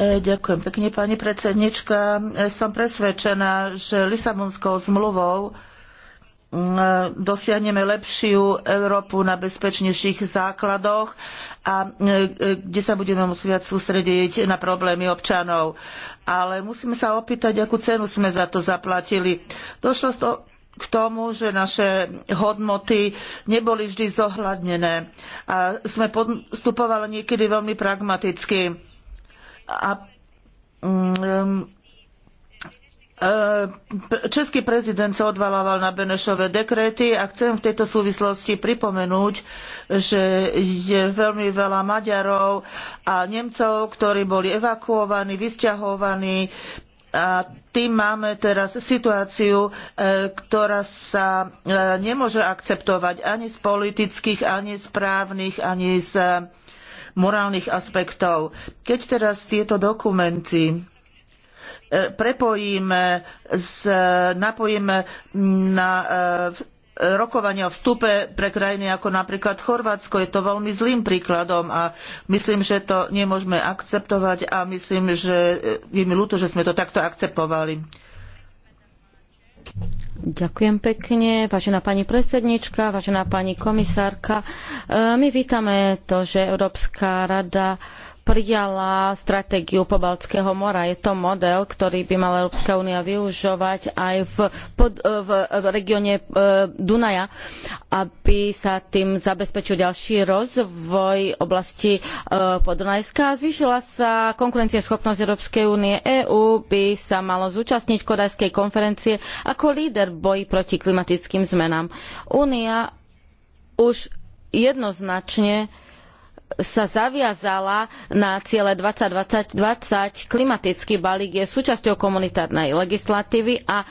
E, ďakujem pekne, pani predsednička. E, som presvedčená, že Lisabonskou zmluvou e, dosiahneme lepšiu Európu na bezpečnejších základoch a kde sa budeme musieť viac sústrediť na problémy občanov. Ale musíme sa opýtať, akú cenu sme za to zaplatili. Došlo to k tomu, že naše hodnoty neboli vždy zohľadnené a sme postupovali niekedy veľmi pragmaticky a um, Český prezident sa odvalával na Benešové dekréty a chcem v tejto súvislosti pripomenúť, že je veľmi veľa Maďarov a Nemcov, ktorí boli evakuovaní, vysťahovaní a tým máme teraz situáciu, e, ktorá sa e, nemôže akceptovať ani z politických, ani z právnych, ani z morálnych aspektov. Keď teraz tieto dokumenty e, prepojíme, s, napojíme na e, rokovania o vstupe pre krajiny ako napríklad Chorvátsko. Je to veľmi zlým príkladom a myslím, že to nemôžeme akceptovať a myslím, že je mi ľúto, že sme to takto akceptovali. Ďakujem pekne, vážená pani predsednička, vážená pani komisárka. Eh, my vítame to, že Európska rada prijala stratégiu Pobaltského mora. Je to model, ktorý by mala Európska únia využovať aj v, pod, e, v, regióne e, Dunaja, aby sa tým zabezpečil ďalší rozvoj oblasti e, Podunajska. Zvýšila sa konkurencieschopnosť Európskej únie. EÚ EU by sa malo zúčastniť Kodajskej konferencie ako líder v boji proti klimatickým zmenám. Únia už jednoznačne sa zaviazala na ciele 2020 20, klimatický balík je súčasťou komunitárnej legislatívy a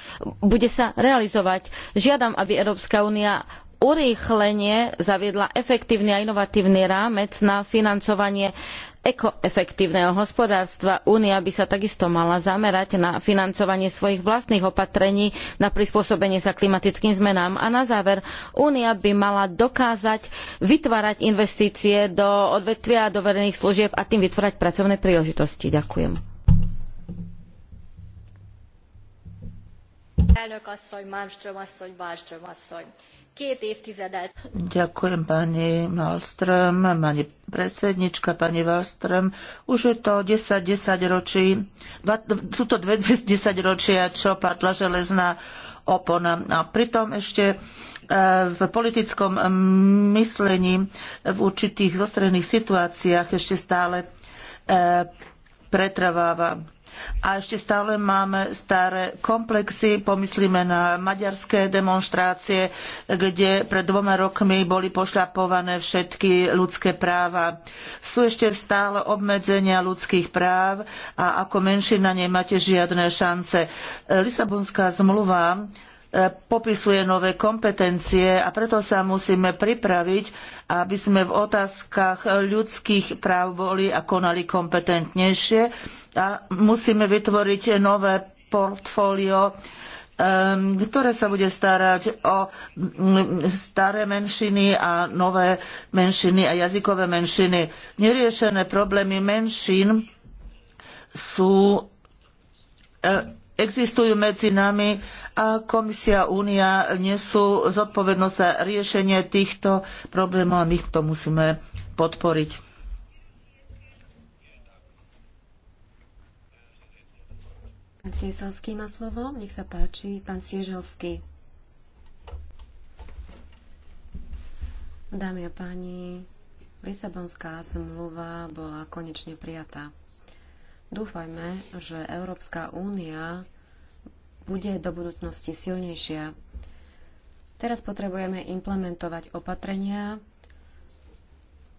bude sa realizovať. Žiadam, aby Európska únia urýchlenie zaviedla efektívny a inovatívny rámec na financovanie ekoefektívneho hospodárstva. Únia by sa takisto mala zamerať na financovanie svojich vlastných opatrení na prispôsobenie sa klimatickým zmenám. A na záver, Únia by mala dokázať vytvárať investície do odvetvia, do verejných služieb a tým vytvárať pracovné príležitosti. Ďakujem. Elnök asszony, Malmström asszony, Wallström asszony. Ďakujem pani Malström, pani predsednička, pani Wallström. Už je to 10-10 ročí, sú to 20 ročia, čo padla železná opona. A pritom ešte e, v politickom myslení v určitých zostrených situáciách ešte stále e, pretrváva a ešte stále máme staré komplexy. Pomyslíme na maďarské demonštrácie, kde pred dvoma rokmi boli pošľapované všetky ľudské práva. Sú ešte stále obmedzenia ľudských práv a ako menšina nemáte žiadne šance. Lisabonská zmluva E, popisuje nové kompetencie a preto sa musíme pripraviť, aby sme v otázkach ľudských práv boli a konali kompetentnejšie a musíme vytvoriť nové portfólio e, ktoré sa bude starať o staré menšiny a nové menšiny a jazykové menšiny. Neriešené problémy menšín sú e, existujú medzi nami a Komisia Únia nesú zodpovednosť za riešenie týchto problémov a my to musíme podporiť. Pán Sieselský má slovo. Nech sa páči, pán Sieželský. Dámy a páni, Lisabonská zmluva bola konečne prijatá. Dúfajme, že Európska únia bude do budúcnosti silnejšia. Teraz potrebujeme implementovať opatrenia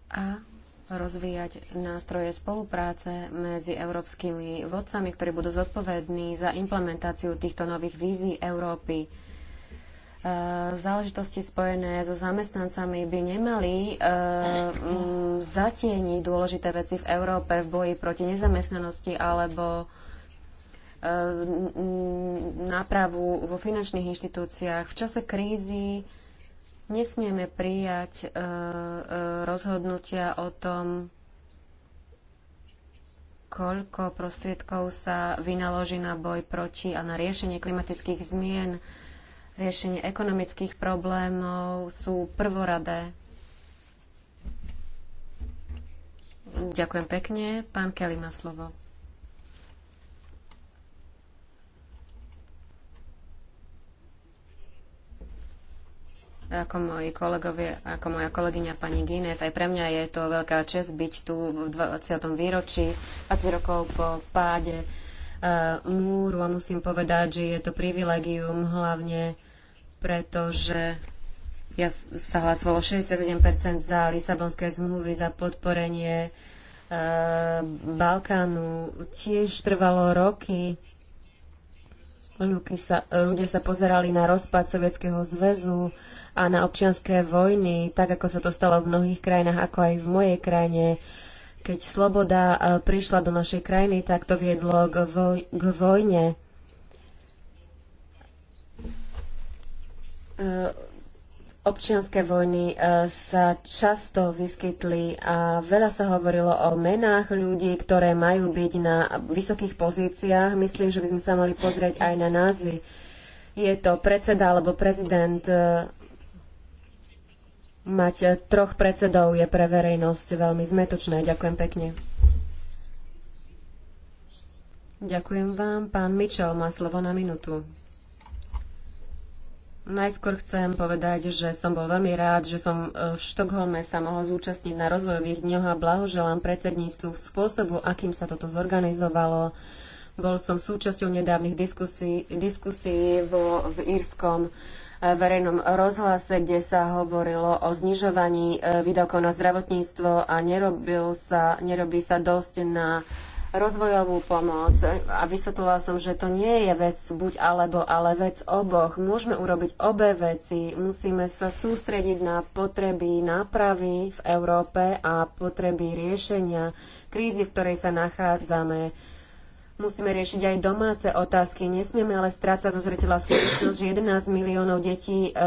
a rozvíjať nástroje spolupráce medzi európskymi vodcami, ktorí budú zodpovední za implementáciu týchto nových vízií Európy E, záležitosti spojené so zamestnancami by nemali e, zatieniť dôležité veci v Európe v boji proti nezamestnanosti alebo e, nápravu vo finančných inštitúciách. V čase krízy nesmieme prijať rozhodnutia o tom, koľko prostriedkov sa vynaloží na boj proti a na riešenie klimatických zmien riešenie ekonomických problémov sú prvoradé. Ďakujem pekne. Pán Kelly má slovo. ako moji kolegovia, ako moja kolegyňa pani Gines, Aj pre mňa je to veľká čest byť tu v 20. výročí, 20 rokov po páde eh, múru a musím povedať, že je to privilegium hlavne pretože ja sa hlasovalo 67% za Lisabonské zmluvy, za podporenie e, Balkánu. Tiež trvalo roky. Sa, ľudia sa pozerali na rozpad Sovietskeho zväzu a na občianské vojny, tak ako sa to stalo v mnohých krajinách, ako aj v mojej krajine. Keď sloboda e, prišla do našej krajiny, tak to viedlo k, voj- k vojne E, Občianské vojny e, sa často vyskytli a veľa sa hovorilo o menách ľudí, ktoré majú byť na vysokých pozíciách. Myslím, že by sme sa mali pozrieť aj na názvy. Je to predseda alebo prezident. E, mať troch predsedov je pre verejnosť veľmi zmetočné. Ďakujem pekne. Ďakujem vám. Pán Mitchell má slovo na minútu. Najskôr chcem povedať, že som bol veľmi rád, že som e, v Štokholme sa mohol zúčastniť na rozvojových dňoch a blahoželám predsedníctvu v spôsobu, akým sa toto zorganizovalo. Bol som súčasťou nedávnych diskusí, diskusí vo, v írskom e, verejnom rozhlase, kde sa hovorilo o znižovaní e, výdavkov na zdravotníctvo a nerobil sa, nerobí sa dosť na rozvojovú pomoc a vysvetlila som, že to nie je vec buď alebo, ale vec oboch. Môžeme urobiť obe veci. Musíme sa sústrediť na potreby nápravy v Európe a potreby riešenia krízy, v ktorej sa nachádzame. Musíme riešiť aj domáce otázky. Nesmieme ale strácať zo zretela skutočnosť, že 11 miliónov detí e, e,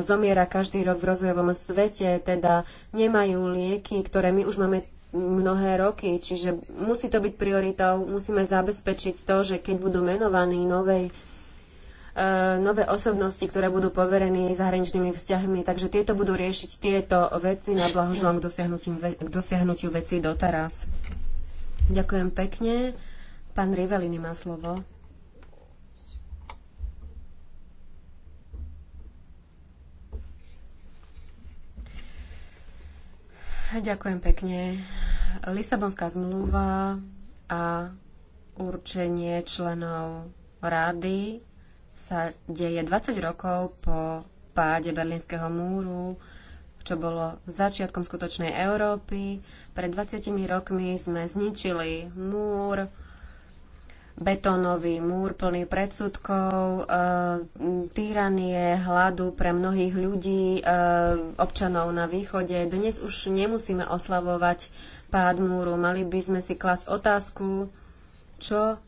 zomiera každý rok v rozvojovom svete, teda nemajú lieky, ktoré my už máme mnohé roky, čiže musí to byť prioritou, musíme zabezpečiť to, že keď budú menovaní novej, e, nové osobnosti, ktoré budú poverení zahraničnými vzťahmi, takže tieto budú riešiť tieto veci na blahoželám k, k dosiahnutiu veci doteraz. Ďakujem pekne. Pán Rivelini má slovo. Ďakujem pekne. Lisabonská zmluva a určenie členov rády sa deje 20 rokov po páde Berlínskeho múru, čo bolo začiatkom skutočnej Európy. Pred 20 rokmi sme zničili múr, betónový múr plný predsudkov, e, týranie, hladu pre mnohých ľudí, e, občanov na východe. Dnes už nemusíme oslavovať pád múru. Mali by sme si klasť otázku, čo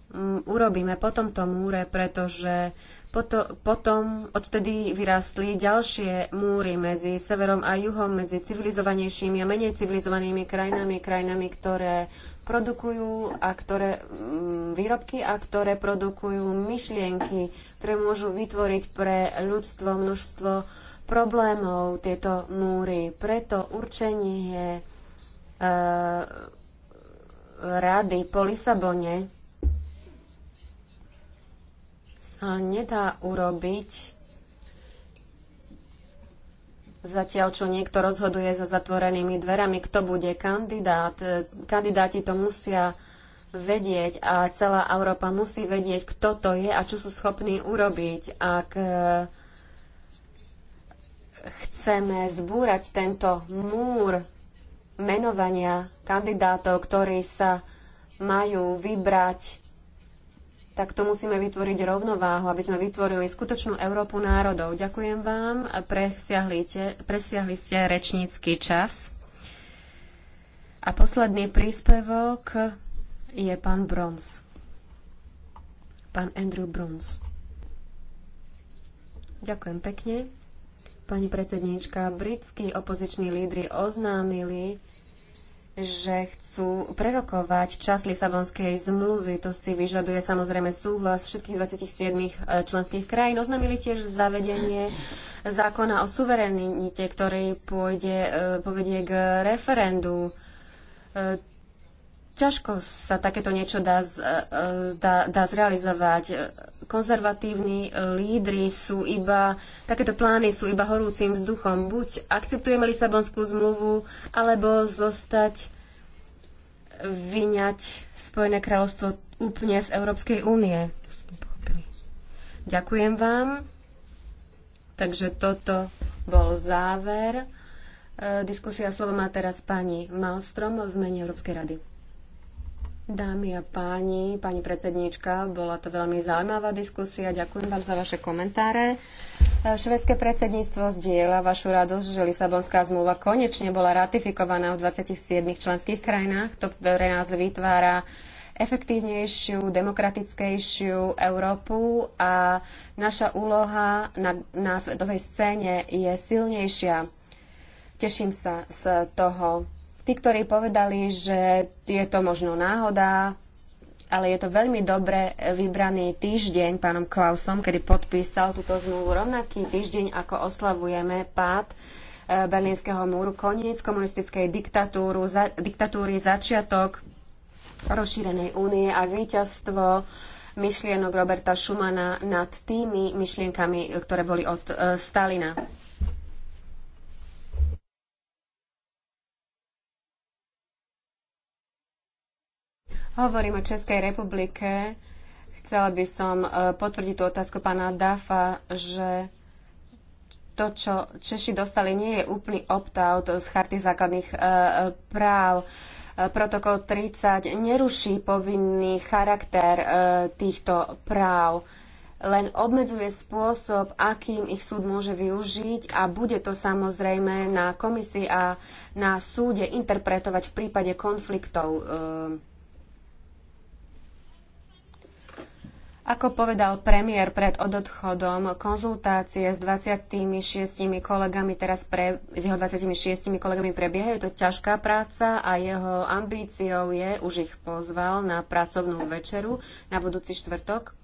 urobíme po tomto múre, pretože potom odtedy vyrástli ďalšie múry medzi severom a juhom, medzi civilizovanejšími a menej civilizovanými krajinami, krajinami, ktoré produkujú a ktoré mm, výrobky a ktoré produkujú myšlienky, ktoré môžu vytvoriť pre ľudstvo množstvo problémov tieto múry. Preto určenie e, rady po Lisabone nedá urobiť Zatiaľ, čo niekto rozhoduje za zatvorenými dverami, kto bude kandidát, kandidáti to musia vedieť a celá Európa musí vedieť, kto to je a čo sú schopní urobiť, ak e, chceme zbúrať tento múr menovania kandidátov, ktorí sa majú vybrať tak to musíme vytvoriť rovnováhu, aby sme vytvorili skutočnú Európu národov. Ďakujem vám. Presiahli, presiahli ste rečnícky čas. A posledný príspevok je pán Brons. Pán Andrew Brons. Ďakujem pekne. Pani predsedníčka, britskí opoziční lídry oznámili, že chcú prerokovať čas Lisabonskej zmluvy. To si vyžaduje samozrejme súhlas všetkých 27 e, členských krajín. Oznamili tiež zavedenie zákona o suverenite, ktorý pôjde, e, povedie k referendu e, ťažko sa takéto niečo dá, e, e, dá, dá zrealizovať. Konzervatívni lídry sú iba, takéto plány sú iba horúcim vzduchom. Buď akceptujeme Lisabonskú zmluvu, alebo zostať vyňať Spojené kráľovstvo úplne z Európskej únie. Ďakujem vám. Takže toto bol záver. E, diskusia slovo má teraz pani Malstrom v mene Európskej rady. Dámy a páni, pani predsedníčka, bola to veľmi zaujímavá diskusia. Ďakujem vám za vaše komentáre. E, Švedské predsedníctvo zdieľa vašu radosť, že Lisabonská zmluva konečne bola ratifikovaná v 27 členských krajinách. To pre nás vytvára efektívnejšiu, demokratickejšiu Európu a naša úloha na, na svetovej scéne je silnejšia. Teším sa z toho, Tí, ktorí povedali, že je to možno náhoda, ale je to veľmi dobre vybraný týždeň pánom Klausom, kedy podpísal túto zmluvu rovnaký týždeň, ako oslavujeme pád e, Berlínskeho múru, koniec komunistickej diktatúru, za, diktatúry, začiatok rozšírenej únie a víťazstvo myšlienok Roberta Schumana nad tými myšlienkami, ktoré boli od e, Stalina. Hovorím o Českej republike. Chcela by som e, potvrdiť tú otázku pána Dafa, že to, čo Češi dostali, nie je úplný opt-out z charty základných e, e, práv. Protokol 30 neruší povinný charakter týchto práv len obmedzuje spôsob, akým ich súd môže využiť a bude to samozrejme na komisii a na súde interpretovať v prípade konfliktov. E Ako povedal premiér pred odchodom, konzultácie s 26 kolegami teraz pre, s jeho 26 kolegami prebiehajú. Je to ťažká práca a jeho ambíciou je, už ich pozval na pracovnú večeru na budúci štvrtok.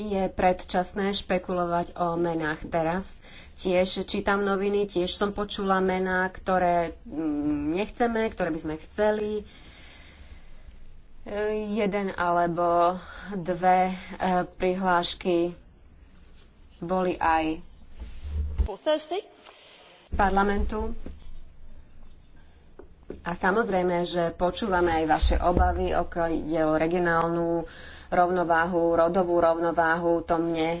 Je predčasné špekulovať o menách teraz. Tiež čítam noviny, tiež som počula mená, ktoré mm, nechceme, ktoré by sme chceli Jeden alebo dve e, prihlášky boli aj z parlamentu. A samozrejme, že počúvame aj vaše obavy, okiaľ ide o regionálnu rovnováhu, rodovú rovnováhu, to mne e, e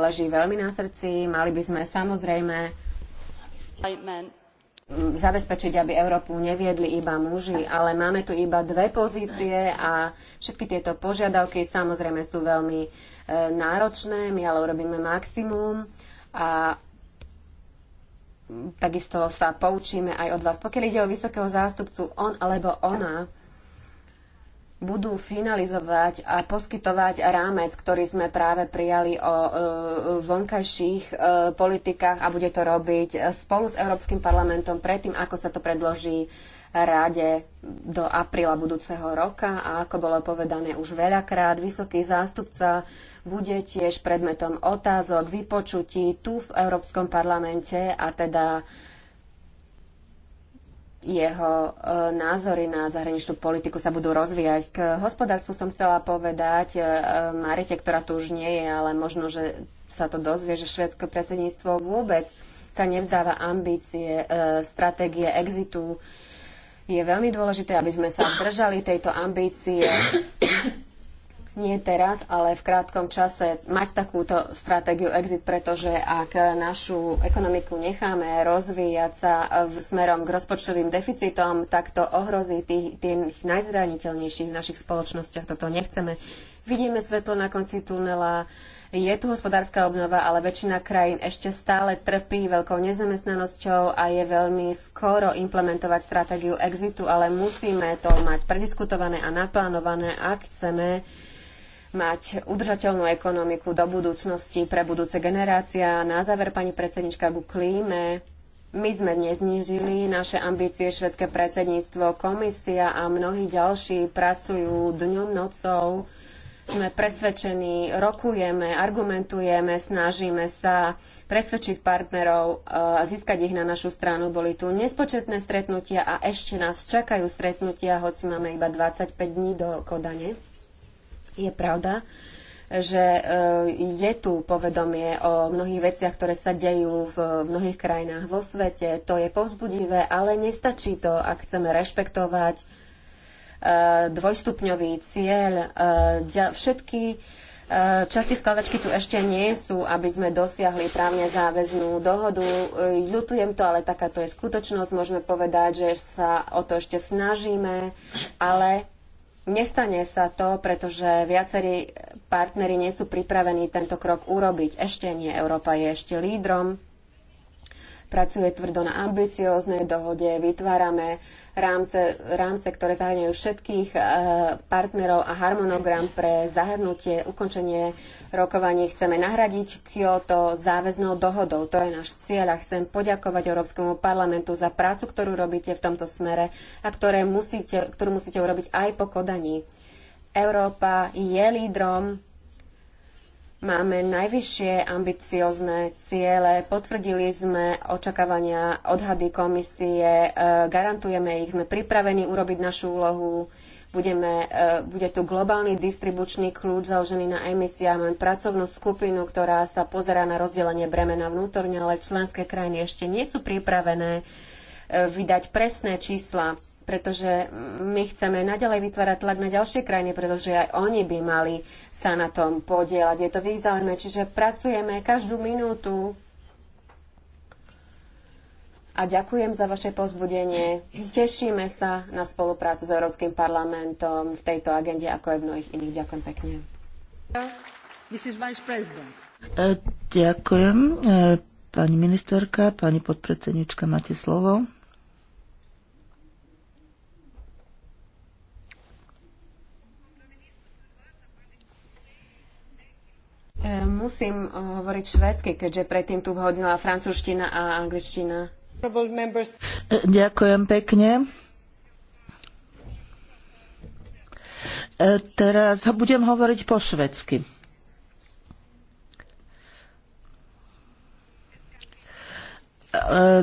leží veľmi na srdci. Mali by sme samozrejme zabezpečiť, aby Európu neviedli iba muži, ale máme tu iba dve pozície a všetky tieto požiadavky samozrejme sú veľmi e, náročné, my ale urobíme maximum a takisto sa poučíme aj od vás. Pokiaľ ide o vysokého zástupcu on alebo ona, budú finalizovať a poskytovať rámec, ktorý sme práve prijali o e, vonkajších e, politikách a bude to robiť spolu s Európskym parlamentom predtým, ako sa to predloží rade do apríla budúceho roka a ako bolo povedané už veľakrát, vysoký zástupca bude tiež predmetom otázok, vypočutí tu v Európskom parlamente a teda jeho e, názory na zahraničnú politiku sa budú rozvíjať. K hospodárstvu som chcela povedať e, Marite, ktorá tu už nie je, ale možno, že sa to dozvie, že švedské predsedníctvo vôbec sa nevzdáva ambície, e, stratégie exitu. Je veľmi dôležité, aby sme sa držali tejto ambície nie teraz, ale v krátkom čase mať takúto stratégiu exit, pretože ak našu ekonomiku necháme rozvíjať sa v smerom k rozpočtovým deficitom, tak to ohrozí tých, tých najzraniteľnejších v našich spoločnostiach. Toto nechceme. Vidíme svetlo na konci tunela, je tu hospodárska obnova, ale väčšina krajín ešte stále trpí veľkou nezamestnanosťou a je veľmi skoro implementovať stratégiu exitu, ale musíme to mať prediskutované a naplánované, ak chceme mať udržateľnú ekonomiku do budúcnosti pre budúce generácia. Na záver, pani predsednička, ku klíme. My sme neznížili naše ambície, švedské predsedníctvo, komisia a mnohí ďalší pracujú dňom, nocou. Sme presvedčení, rokujeme, argumentujeme, snažíme sa presvedčiť partnerov a e, získať ich na našu stranu. Boli tu nespočetné stretnutia a ešte nás čakajú stretnutia, hoci máme iba 25 dní do Kodane. Je pravda, že e, je tu povedomie o mnohých veciach, ktoré sa dejú v mnohých krajinách vo svete. To je povzbudivé, ale nestačí to, ak chceme rešpektovať e, dvojstupňový cieľ. E, všetky Časti skladačky tu ešte nie sú, aby sme dosiahli právne záväznú dohodu. Ľutujem to, ale takáto je skutočnosť. Môžeme povedať, že sa o to ešte snažíme, ale Nestane sa to, pretože viacerí partnery nie sú pripravení tento krok urobiť. Ešte nie. Európa je ešte lídrom. Pracuje tvrdo na ambicióznej dohode. Vytvárame rámce, rámce ktoré zahrňajú všetkých eh, partnerov a harmonogram pre zahrnutie, ukončenie rokovaní chceme nahradiť Kyoto záväznou dohodou. To je náš cieľ a chcem poďakovať Európskemu parlamentu za prácu, ktorú robíte v tomto smere a ktoré musíte, ktorú musíte urobiť aj po kodaní. Európa je lídrom Máme najvyššie ambiciozne ciele, potvrdili sme očakávania, odhady komisie, e, garantujeme ich, sme pripravení urobiť našu úlohu, budeme, e, bude tu globálny distribučný kľúč založený na emisiách, máme pracovnú skupinu, ktorá sa pozerá na rozdelenie bremena vnútorne, ale členské krajiny ešte nie sú pripravené e, vydať presné čísla pretože my chceme naďalej vytvárať tlak na ďalšie krajiny, pretože aj oni by mali sa na tom podielať. Je to v ich záujme, čiže pracujeme každú minútu a ďakujem za vaše pozbudenie. Tešíme sa na spoluprácu s Európskym parlamentom v tejto agende, ako aj v mnohých iných. Ďakujem pekne. E, ďakujem. E, pani ministerka, pani podpredsednička, máte slovo. E, musím e, hovoriť švedsky, keďže predtým tu hodila francúzština a angličtina. Ďakujem pekne. E, teraz budem hovoriť po švedsky.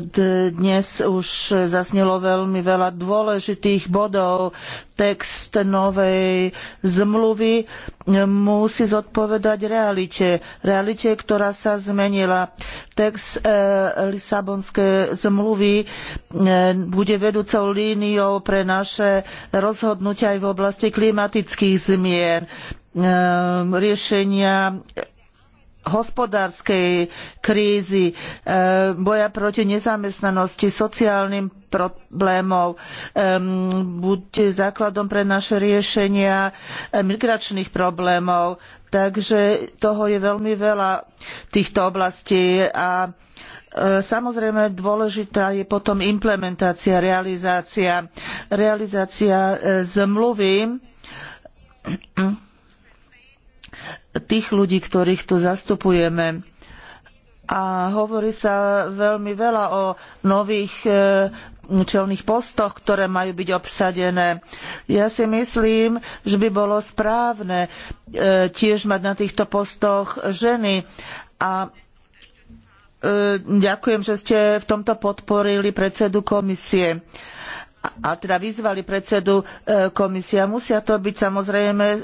Dnes už zaznelo veľmi veľa dôležitých bodov. Text novej zmluvy musí zodpovedať realite. Realite, ktorá sa zmenila. Text e, Lisabonskej zmluvy e, bude vedúcou líniou pre naše rozhodnutia aj v oblasti klimatických zmien e, riešenia hospodárskej krízy, e, boja proti nezamestnanosti, sociálnym problémom, e, bude základom pre naše riešenia e, migračných problémov. Takže toho je veľmi veľa týchto oblastí a Samozrejme, dôležitá je potom implementácia, realizácia, realizácia zmluvy tých ľudí, ktorých tu zastupujeme. A hovorí sa veľmi veľa o nových e, čelných postoch, ktoré majú byť obsadené. Ja si myslím, že by bolo správne e, tiež mať na týchto postoch ženy. A e, ďakujem, že ste v tomto podporili predsedu komisie a teda vyzvali predsedu e, komisia. Musia to byť samozrejme e,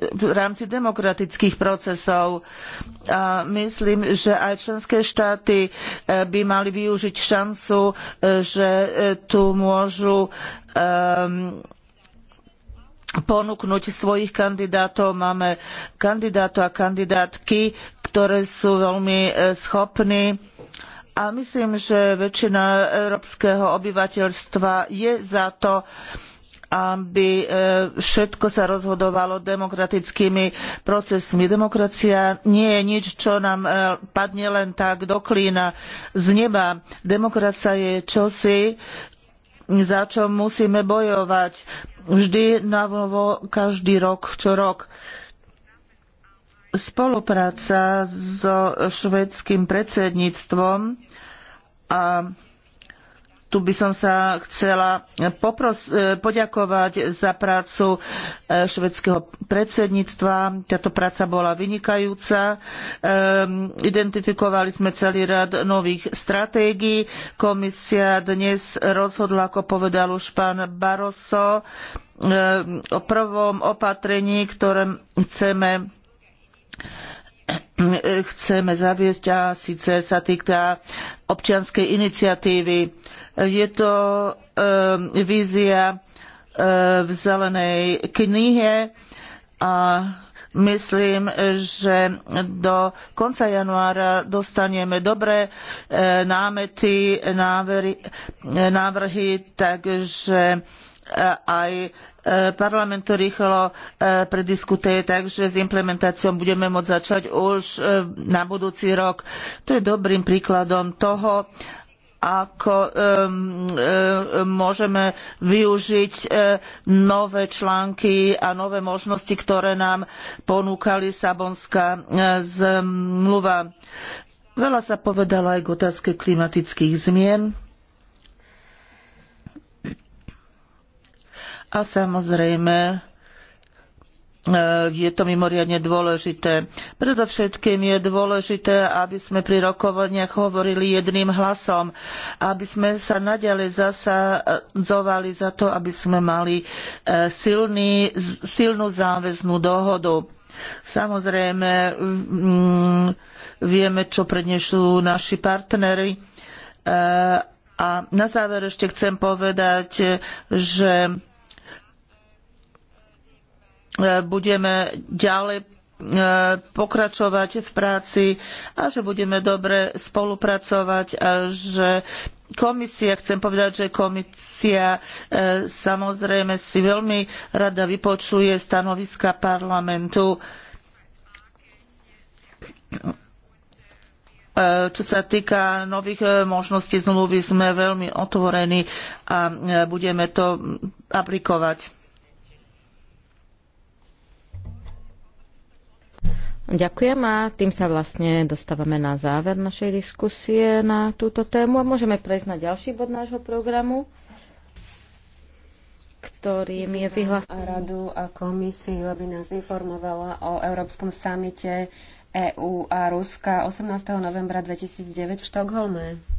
v rámci demokratických procesov. A myslím, že aj členské štáty e, by mali využiť šancu, že tu môžu ponúknuť svojich kandidátov. Máme kandidátov a kandidátky, ktoré sú veľmi schopní a myslím, že väčšina európskeho obyvateľstva je za to, aby e, všetko sa rozhodovalo demokratickými procesmi. Demokracia nie je nič, čo nám e, padne len tak do klína z neba. Demokracia je čosi, za čo musíme bojovať vždy na novo, každý rok čo rok. Spolupráca so švedským predsedníctvom a tu by som sa chcela e, poďakovať za prácu e, švedského predsedníctva. Táto práca bola vynikajúca. E, identifikovali sme celý rad nových stratégií. Komisia dnes rozhodla, ako povedal už pán Barroso, o prvom opatrení, ktoré chceme chceme zaviesť a síce sa týka občianskej iniciatívy. Je to eh, vízia eh, v zelenej knihe a myslím, že do konca januára dostaneme dobré eh, námety, návrhy, návrhy takže aj e, parlament to rýchlo e, prediskutuje, takže s implementáciou budeme môcť začať už e, na budúci rok. To je dobrým príkladom toho, ako môžeme využiť nové články a nové možnosti, ktoré nám ponúka Lisabonská zmluva. Veľa sa povedalo aj k otázke klimatických zmien a samozrejme e, je to mimoriadne dôležité. Predovšetkým je dôležité, aby sme pri rokovaniach hovorili jedným hlasom, aby sme sa naďalej zasadzovali za to, aby sme mali e, silný, silnú záväznú dohodu. Samozrejme, mm, vieme, čo prednesú naši partnery. E, a na záver ešte chcem povedať, že E, budeme ďalej e, pokračovať v práci a že budeme dobre spolupracovať a že komisia, chcem povedať, že komisia e, samozrejme si veľmi rada vypočuje stanoviska parlamentu čo sa týka nových možností zmluvy, sme veľmi otvorení a budeme to aplikovať. Ďakujem a tým sa vlastne dostávame na záver našej diskusie na túto tému a môžeme prejsť na ďalší bod nášho programu ktorým je vyhlásený. Radu a komisiu, aby nás informovala o Európskom samite EÚ a Ruska 18. novembra 2009 v Štokholme.